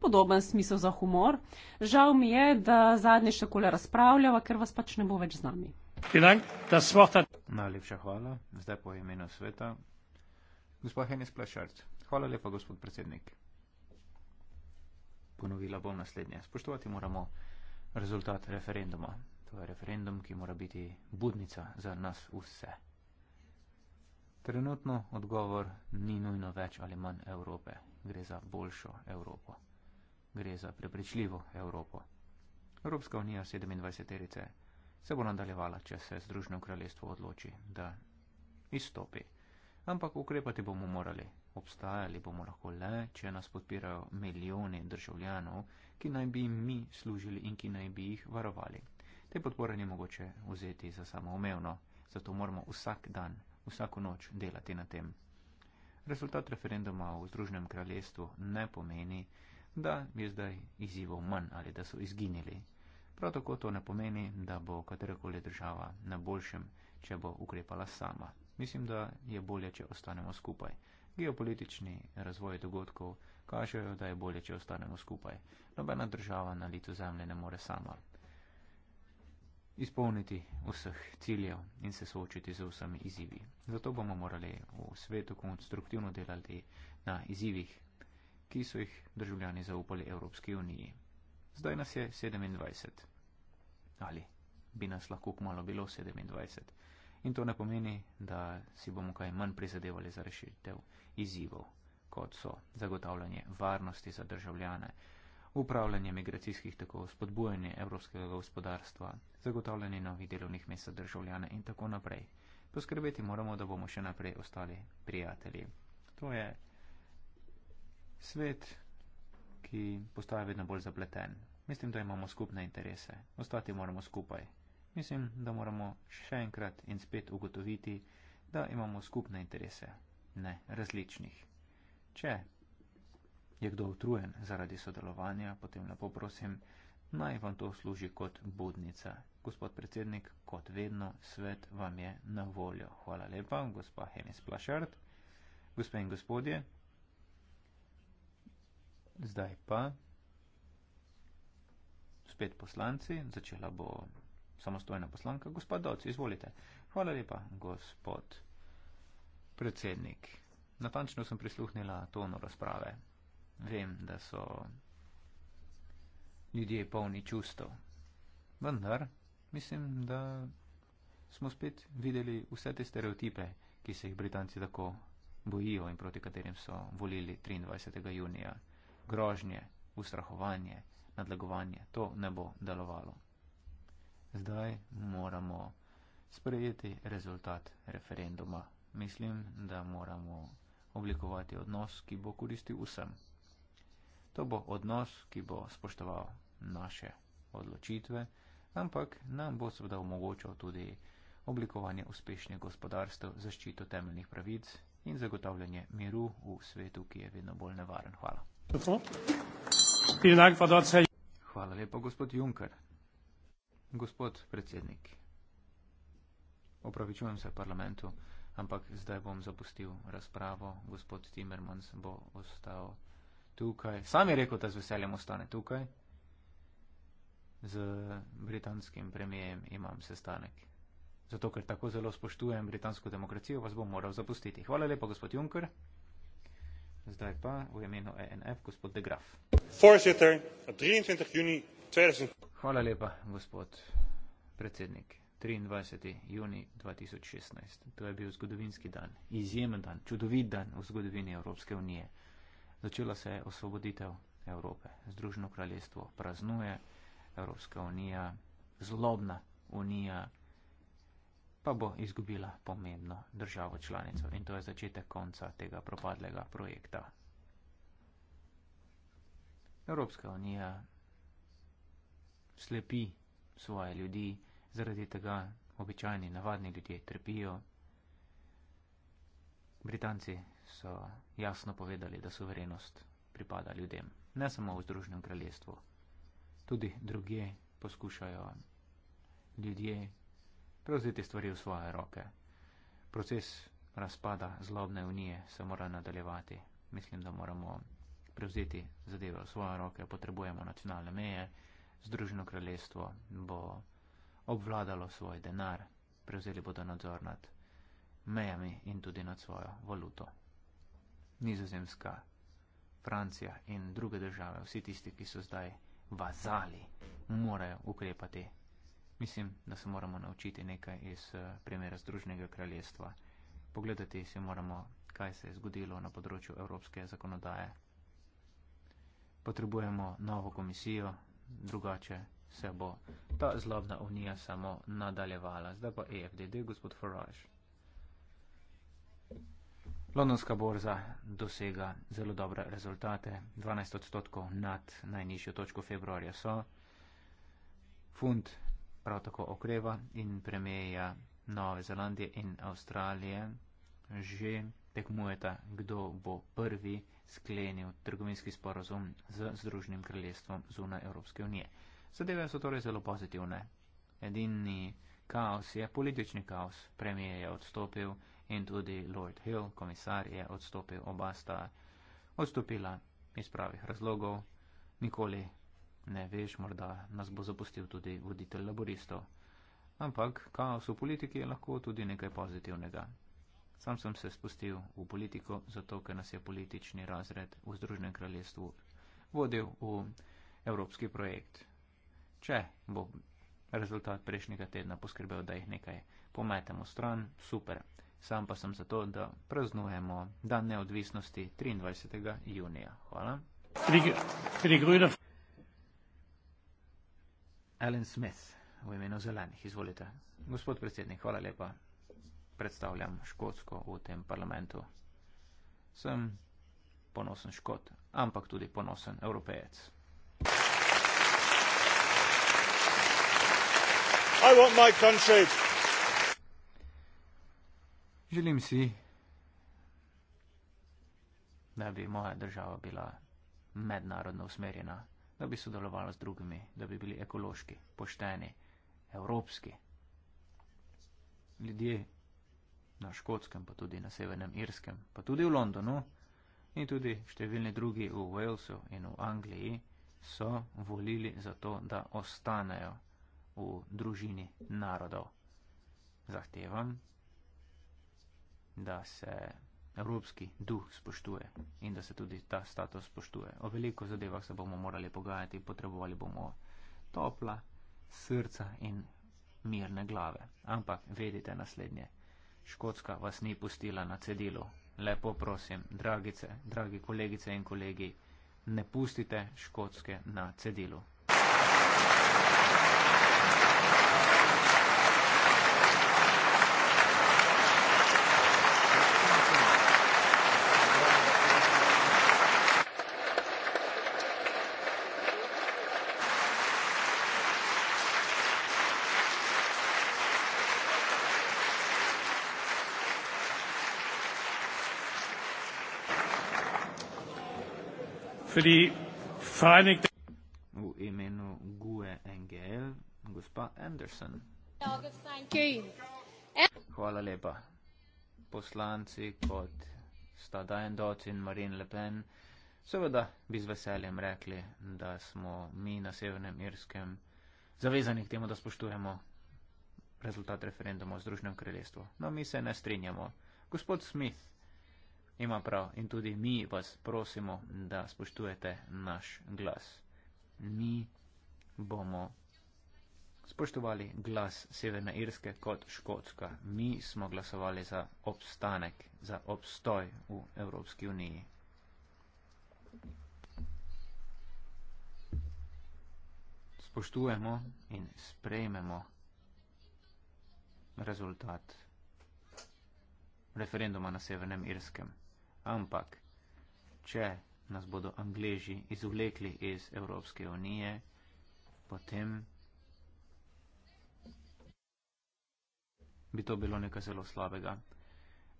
podoben smisel za humor. Žal mi je, da zadnji še kole razpravljava, ker vas pač ne bo več z nami. Najlepša hvala, zdaj po imenu sveta. Gospod Henes Plašarc, hvala lepa, gospod predsednik. Ponovila bom naslednje. Spoštovati moramo rezultat referenduma. To je referendum, ki mora biti budnica za nas vse. Trenutno odgovor ni nujno več ali manj Evrope. Gre za boljšo Evropo gre za prepričljivo Evropo. Evropska unija 27. terice se bo nadaljevala, če se Združeno kraljestvo odloči, da izstopi. Ampak ukrepati bomo morali. Obstajali bomo lahko le, če nas podpirajo milijoni državljanov, ki naj bi jim mi služili in ki naj bi jih varovali. Te podpore ni mogoče vzeti za samoumevno, zato moramo vsak dan, vsako noč delati na tem. Rezultat referenduma v Združenem kraljestvu ne pomeni, da je zdaj izzivov manj ali da so izginili. Prav tako to ne pomeni, da bo katerakoli država na boljšem, če bo ukrepala sama. Mislim, da je bolje, če ostanemo skupaj. Geopolitični razvoj dogodkov kažejo, da je bolje, če ostanemo skupaj. Nobena država na licu zemlje ne more sama izpolniti vseh ciljev in se soočiti z vsemi izzivi. Zato bomo morali v svetu konstruktivno delati na izzivih, ki so jih državljani zaupali Evropski uniji. Zdaj nas je 27. Ali bi nas lahko kmalo bilo 27. In to ne pomeni, da si bomo kaj manj prizadevali za rešitev izzivov, kot so zagotavljanje varnosti za državljane, upravljanje migracijskih tako, spodbujanje evropskega gospodarstva, zagotavljanje novih delovnih mest za državljane in tako naprej. Poskrbeti moramo, da bomo še naprej ostali prijatelji. To je svet, ki postaja vedno bolj zapleten. Mislim, da imamo skupne interese. Ostati moramo skupaj. Mislim, da moramo še enkrat in spet ugotoviti, da imamo skupne interese, ne različnih. Če je kdo utrujen zaradi sodelovanja, potem lepo prosim, naj vam to služi kot budnica. Gospod predsednik, kot vedno, svet vam je na voljo. Hvala lepa, gospa Henis Plašert, gospe in gospodje. Zdaj pa spet poslanci. Začela bo samostojna poslanka. Gospod Doc, izvolite. Hvala lepa, gospod predsednik. Natančno sem prisluhnila tono razprave. Vem, da so ljudje polni čustov. Vendar mislim, da smo spet videli vse te stereotipe, ki se jih Britanci tako bojijo in proti katerim so volili 23. junija grožnje, ustrahovanje, nadlegovanje, to ne bo delovalo. Zdaj moramo sprejeti rezultat referenduma. Mislim, da moramo oblikovati odnos, ki bo koristil vsem. To bo odnos, ki bo spoštoval naše odločitve, ampak nam bo seveda omogočal tudi oblikovanje uspešnih gospodarstv, zaščito temeljnih pravic in zagotavljanje miru v svetu, ki je vedno bolj nevaren. Hvala. Hvala lepa, gospod Junker. Gospod predsednik, opravičujem se parlamentu, ampak zdaj bom zapustil razpravo. Gospod Timmermans bo ostal tukaj. Sam je rekel, da z veseljem ostane tukaj. Z britanskim premijem imam sestanek. Zato, ker tako zelo spoštujem britansko demokracijo, vas bom moral zapustiti. Hvala lepa, gospod Juncker. Zdaj pa v imenu ENF gospod De Graf. Hvala lepa, gospod predsednik. 23. juni 2016. To je bil zgodovinski dan, izjemen dan, čudovit dan v zgodovini Evropske unije. Začela se je osvoboditev Evrope. Združeno kraljestvo praznuje, Evropska unija, zlobna unija, pa bo izgubila pomembno državo članico in to je začetek konca tega propadlega projekta. Evropska unija slepi svoje ljudi, zaradi tega običajni navadni ljudje trpijo. Britanci so jasno povedali, da suverenost pripada ljudem, ne samo v Združenem kraljestvu. Tudi druge poskušajo ljudje prevzeti stvari v svoje roke. Proces razpada zlobne unije se mora nadaljevati. Mislim, da moramo prevzeti zadeve v svoje roke, potrebujemo nacionalne meje, Združeno kraljestvo bo obvladalo svoj denar, prevzeli bodo nadzor nad mejami in tudi nad svojo valuto. Nizozemska, Francija in druge države, vsi tisti, ki so zdaj vazali, morajo ukrepati Mislim, da se moramo naučiti nekaj iz eh, primera Združenega kraljestva. Pogledati si moramo, kaj se je zgodilo na področju evropske zakonodaje. Potrebujemo novo komisijo, drugače se bo ta zlobna unija samo nadaljevala. Zdaj pa EFDD, gospod Farage. Londonska borza dosega zelo dobre rezultate, 12 odstotkov nad najnižjo točko februarja so. Funt prav tako okreva in premijeja Nove Zelandije in Avstralije že tekmujeta, kdo bo prvi sklenil trgovinski sporozum z Združenim kraljestvom zunaj Evropske unije. Zadeve so torej zelo pozitivne. Edini kaos je politični kaos. Premijer je odstopil in tudi Lord Hill, komisar, je odstopil. Oba sta odstopila iz pravih razlogov. Nikoli Ne veš, morda nas bo zapustil tudi voditelj laboristov. Ampak kaos v politiki je lahko tudi nekaj pozitivnega. Sam sem se spustil v politiko, zato ker nas je politični razred v Združenem kraljestvu vodil v evropski projekt. Če bo rezultat prejšnjega tedna poskrbel, da jih nekaj pometemo stran, super. Sam pa sem zato, da praznujemo dan neodvisnosti 23. junija. Hvala. Tri, tri Alan Smith v imenu zelenih. Izvolite. Gospod predsednik, hvala lepa. Predstavljam Škotsko v tem parlamentu. Sem ponosen Škot, ampak tudi ponosen Evropejec. Želim si, da bi moja država bila mednarodno usmerjena da bi sodelovala z drugimi, da bi bili ekološki, pošteni, evropski. Ljudje na škotskem, pa tudi na severnem irskem, pa tudi v Londonu in tudi številni drugi v Walesu in v Angliji so volili za to, da ostanejo v družini narodov. Zahtevam, da se evropski duh spoštuje in da se tudi ta status spoštuje. O veliko zadevah se bomo morali pogajati, potrebovali bomo topla srca in mirne glave. Ampak vedite naslednje. Škotska vas ni pustila na cedilu. Lepo prosim, dragice, dragi kolegice in kolegi, ne pustite Škotske na cedilu. Pri Vereinigten. V imenu GUE NGL, gospa Anderson. Hvala lepa. Poslanci kot sta Dajan Dot in Marine Le Pen, seveda bi z veseljem rekli, da smo mi na Severnem Irskem zavezani k temu, da spoštujemo rezultat referenduma o Združenem kraljestvu. No, mi se ne strinjamo. Gospod Smith ima prav in tudi mi vas prosimo, da spoštujete naš glas. Mi bomo spoštovali glas Severne Irske kot Škotska. Mi smo glasovali za obstanek, za obstoj v Evropski uniji. Spoštujemo in sprejmemo rezultat referenduma na Severnem Irskem ampak če nas bodo Angleži izvlekli iz Evropske unije, potem bi to bilo nekaj zelo slabega.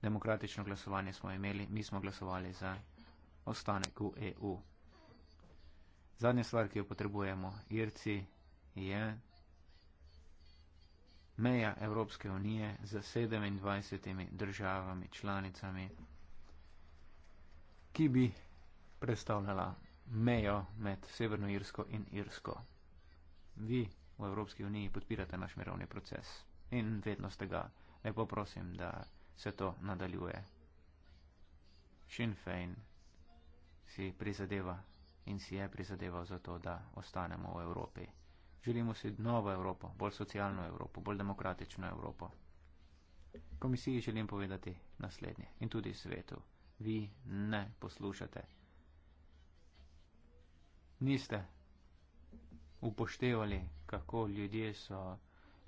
Demokratično glasovanje smo imeli, mi smo glasovali za ostanek v EU. Zadnja stvar, ki jo potrebujemo, Irci, je meja Evropske unije z 27 državami članicami ki bi predstavljala mejo med Severno Irsko in Irsko. Vi v Evropski uniji podpirate naš mirovni proces in vedno ste ga. Lepo prosim, da se to nadaljuje. Sinn Fein si prizadeva in si je prizadeval za to, da ostanemo v Evropi. Želimo si novo Evropo, bolj socialno Evropo, bolj demokratično Evropo. Komisiji želim povedati naslednje in tudi svetu vi ne poslušate. Niste upoštevali, kako ljudje so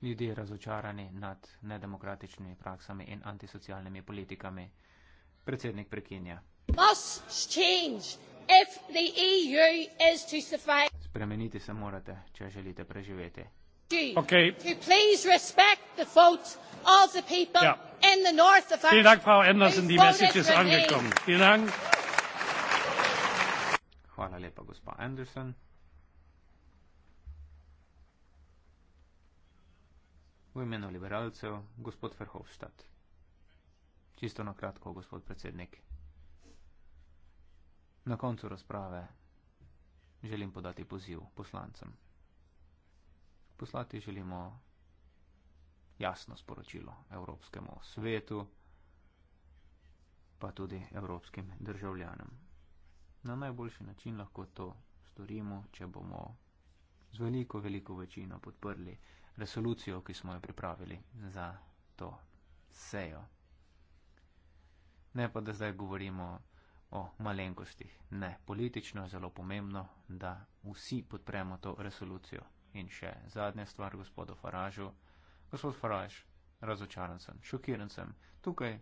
ljudje razočarani nad nedemokratičnimi praksami in antisocialnimi politikami. Predsednik prekinja. E Spremeniti se morate, če želite preživeti. Okay. To please respect the vote of the people ja. in the north of Ireland. Vielen Dank, Frau Anderson. Die Message ist angekommen. Vielen Dank. Hvala lepa, gospa Anderson. V imenu liberalcev, gospod Verhofstadt. Čisto na kratko, gospod predsednik. Na koncu razprave želim podati poziv poslancem poslati želimo jasno sporočilo Evropskemu svetu, pa tudi evropskim državljanom. Na najboljši način lahko to storimo, če bomo z veliko, veliko večino podprli resolucijo, ki smo jo pripravili za to sejo. Ne pa, da zdaj govorimo o malenkostih. Ne, politično je zelo pomembno, da vsi podpremo to resolucijo. In še zadnja stvar, gospodu Faražu. Gospod Faraž, razočaran sem, šokiran sem. Tukaj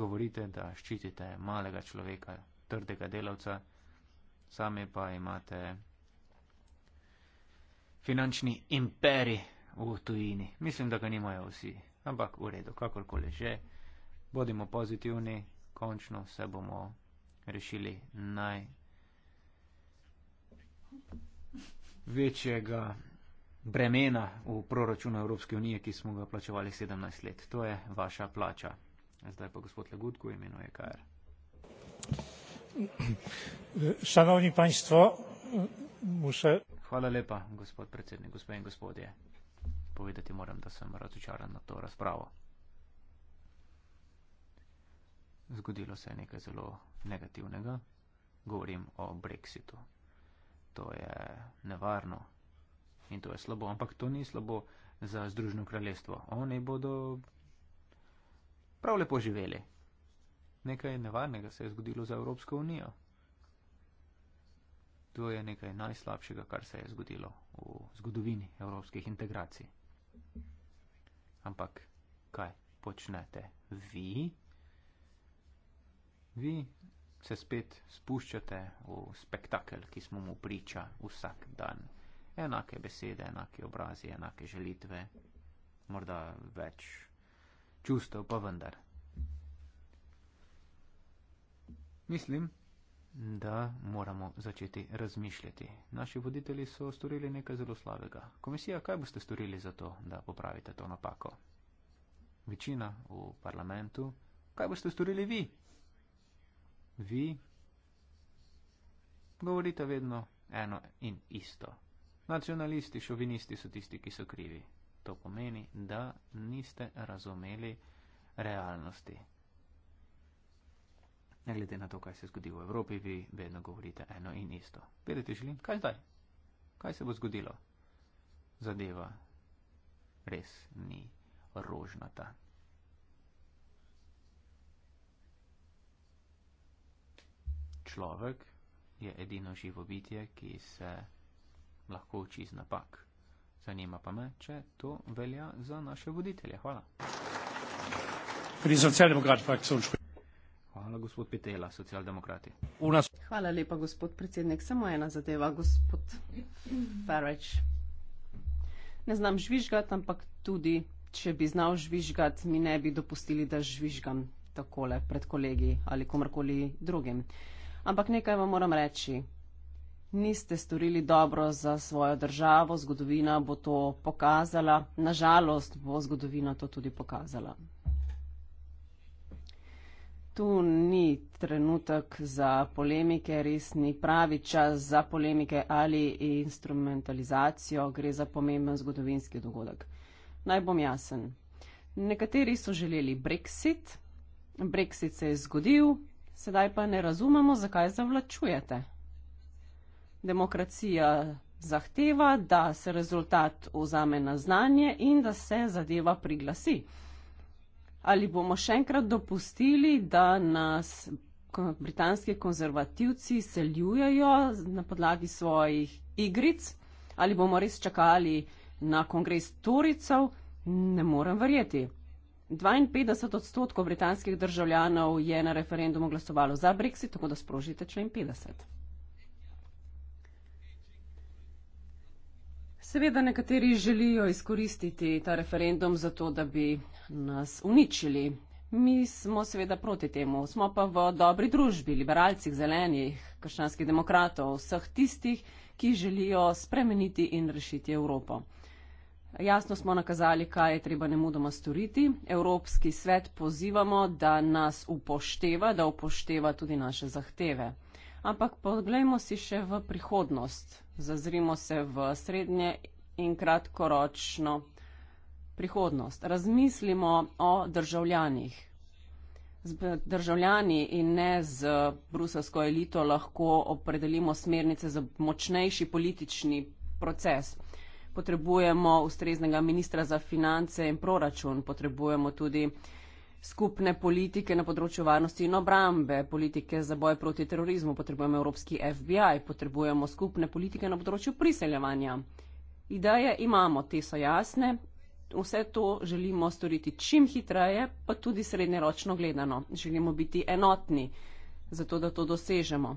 govorite, da ščitite malega človeka, trdega delavca, sami pa imate finančni imperi v tujini. Mislim, da ga nimajo vsi, ampak v redu, kakorkoli že. Bodimo pozitivni, končno se bomo rešili naj. največjega bremena v proračunu Evropske unije, ki smo ga plačevali 17 let. To je vaša plača. Zdaj pa gospod Legutko, imenuje KR. Šanovni panjstvo, muše. Hvala lepa, gospod predsednik, gospe in gospodje. Povedati moram, da sem razočaran na to razpravo. Zgodilo se je nekaj zelo negativnega. Govorim o brexitu to je nevarno in to je slabo, ampak to ni slabo za Združeno kraljestvo. Oni bodo prav lepo živeli. Nekaj nevarnega se je zgodilo za Evropsko unijo. To je nekaj najslabšega, kar se je zgodilo v zgodovini evropskih integracij. Ampak kaj počnete vi? Vi se spet spuščate v spektakel, ki smo mu priča vsak dan. Enake besede, enake obrazi, enake želitve, morda več čustev, pa vendar. Mislim, da moramo začeti razmišljati. Naši voditelji so storili nekaj zelo slabega. Komisija, kaj boste storili za to, da popravite to napako? Večina v parlamentu, kaj boste storili vi, vi govorite vedno eno in isto. Nacionalisti, šovinisti so tisti, ki so krivi. To pomeni, da niste razumeli realnosti. Ne glede na to, kaj se zgodi v Evropi, vi vedno govorite eno in isto. Vedeti želim, kaj zdaj? Kaj se bo zgodilo? Zadeva res ni rožnata. človek je edino živo bitje, ki se lahko uči iz napak. Zanima pa me, če to velja za naše voditelje. Hvala. Hvala, gospod Petela, socialdemokrati. Nas... Hvala lepa, gospod predsednik. Samo ena zadeva, gospod Farage. Ne znam žvižgati, ampak tudi, če bi znal žvižgati, mi ne bi dopustili, da žvižgam takole pred kolegi ali komarkoli drugim. Uh, ampak nekaj vam moram reči. Niste storili dobro za svojo državo, zgodovina bo to pokazala, nažalost bo zgodovina to tudi pokazala. Tu ni trenutek za polemike, res ni pravi čas za polemike ali instrumentalizacijo, gre za pomemben zgodovinski dogodek. Naj bom jasen. Nekateri so želeli Brexit, Brexit se je zgodil, Sedaj pa ne razumemo, zakaj zavlačujete. Demokracija zahteva, da se rezultat vzame na znanje in da se zadeva priglasi. Ali bomo še enkrat dopustili, da nas britanski konzervativci seljujejo na podlagi svojih igric? Ali bomo res čakali na kongres Toricov? Ne morem verjeti. 52 odstotkov britanskih državljanov je na referendumu glasovalo za Brexit, tako da sprožite člen 50. Seveda nekateri želijo izkoristiti ta referendum za to, da bi nas uničili. Mi smo seveda proti temu, smo pa v dobri družbi, liberalcih, zelenih, krščanskih demokratov, vseh tistih, ki želijo spremeniti in rešiti Evropo. Jasno smo nakazali, kaj je treba ne mudoma storiti. Evropski svet pozivamo, da nas upošteva, da upošteva tudi naše zahteve. Ampak poglejmo si še v prihodnost. Zazrimo se v srednje in kratkoročno prihodnost. Razmislimo o državljanih. Z državljani in ne z bruselsko elito lahko opredelimo smernice za močnejši politični proces potrebujemo ustreznega ministra za finance in proračun, potrebujemo tudi skupne politike na področju varnosti in obrambe, politike za boj proti terorizmu, potrebujemo evropski FBI, potrebujemo skupne politike na področju priseljevanja. Ideje imamo, te so jasne, vse to želimo storiti čim hitreje, pa tudi srednjeročno gledano. Želimo biti enotni, zato da to dosežemo.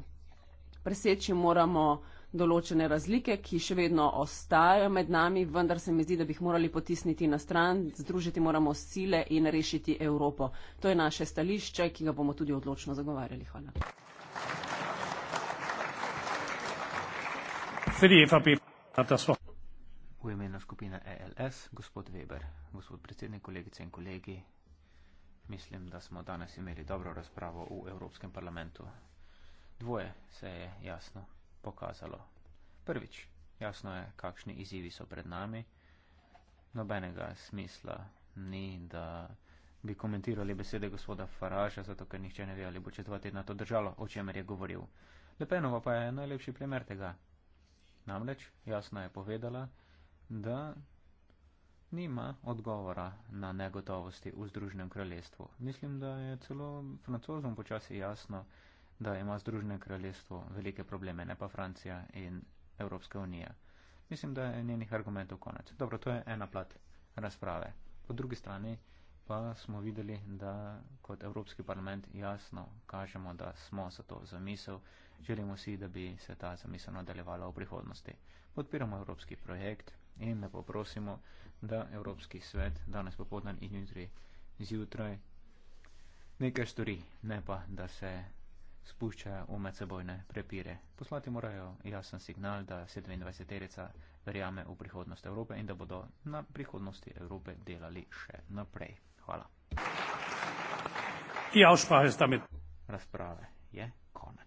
Preseči moramo določene razlike, ki še vedno ostajajo med nami, vendar se mi zdi, da bi jih morali potisniti na stran, združiti moramo sile in rešiti Evropo. To je naše stališče, ki ga bomo tudi odločno zagovarjali. Hvala. V imenu skupine ELS, gospod Weber, gospod predsednik, kolegice in kolegi, mislim, da smo danes imeli dobro razpravo v Evropskem parlamentu. Dvoje se je jasno pokazalo. Prvič, jasno je, kakšni izzivi so pred nami. Nobenega smisla ni, da bi komentirali besede gospoda Faraža, zato ker nihče ne ve, ali bo čez dva tedna to držalo, o čemer je govoril. Lepenova pa je najlepši primer tega. Namreč, jasno je povedala, da nima odgovora na negotovosti v Združenem kraljestvu. Mislim, da je celo francozom počasi jasno, da ima Združene kraljestvo velike probleme, ne pa Francija in Evropska unija. Mislim, da je njenih argumentov konec. Dobro, to je ena plat razprave. Po drugi strani pa smo videli, da kot Evropski parlament jasno kažemo, da smo za to zamisel. Želimo si, da bi se ta zamisel nadaljevala v prihodnosti. Podpiramo Evropski projekt in ne poprosimo, da Evropski svet danes popodne in jutri zjutraj nekaj stori, ne pa, da se spuščajo v medsebojne prepire. Poslati morajo jasen signal, da 27-terica verjame v prihodnost Evrope in da bodo na prihodnosti Evrope delali še naprej. Hvala. Ja, Razprave je konec.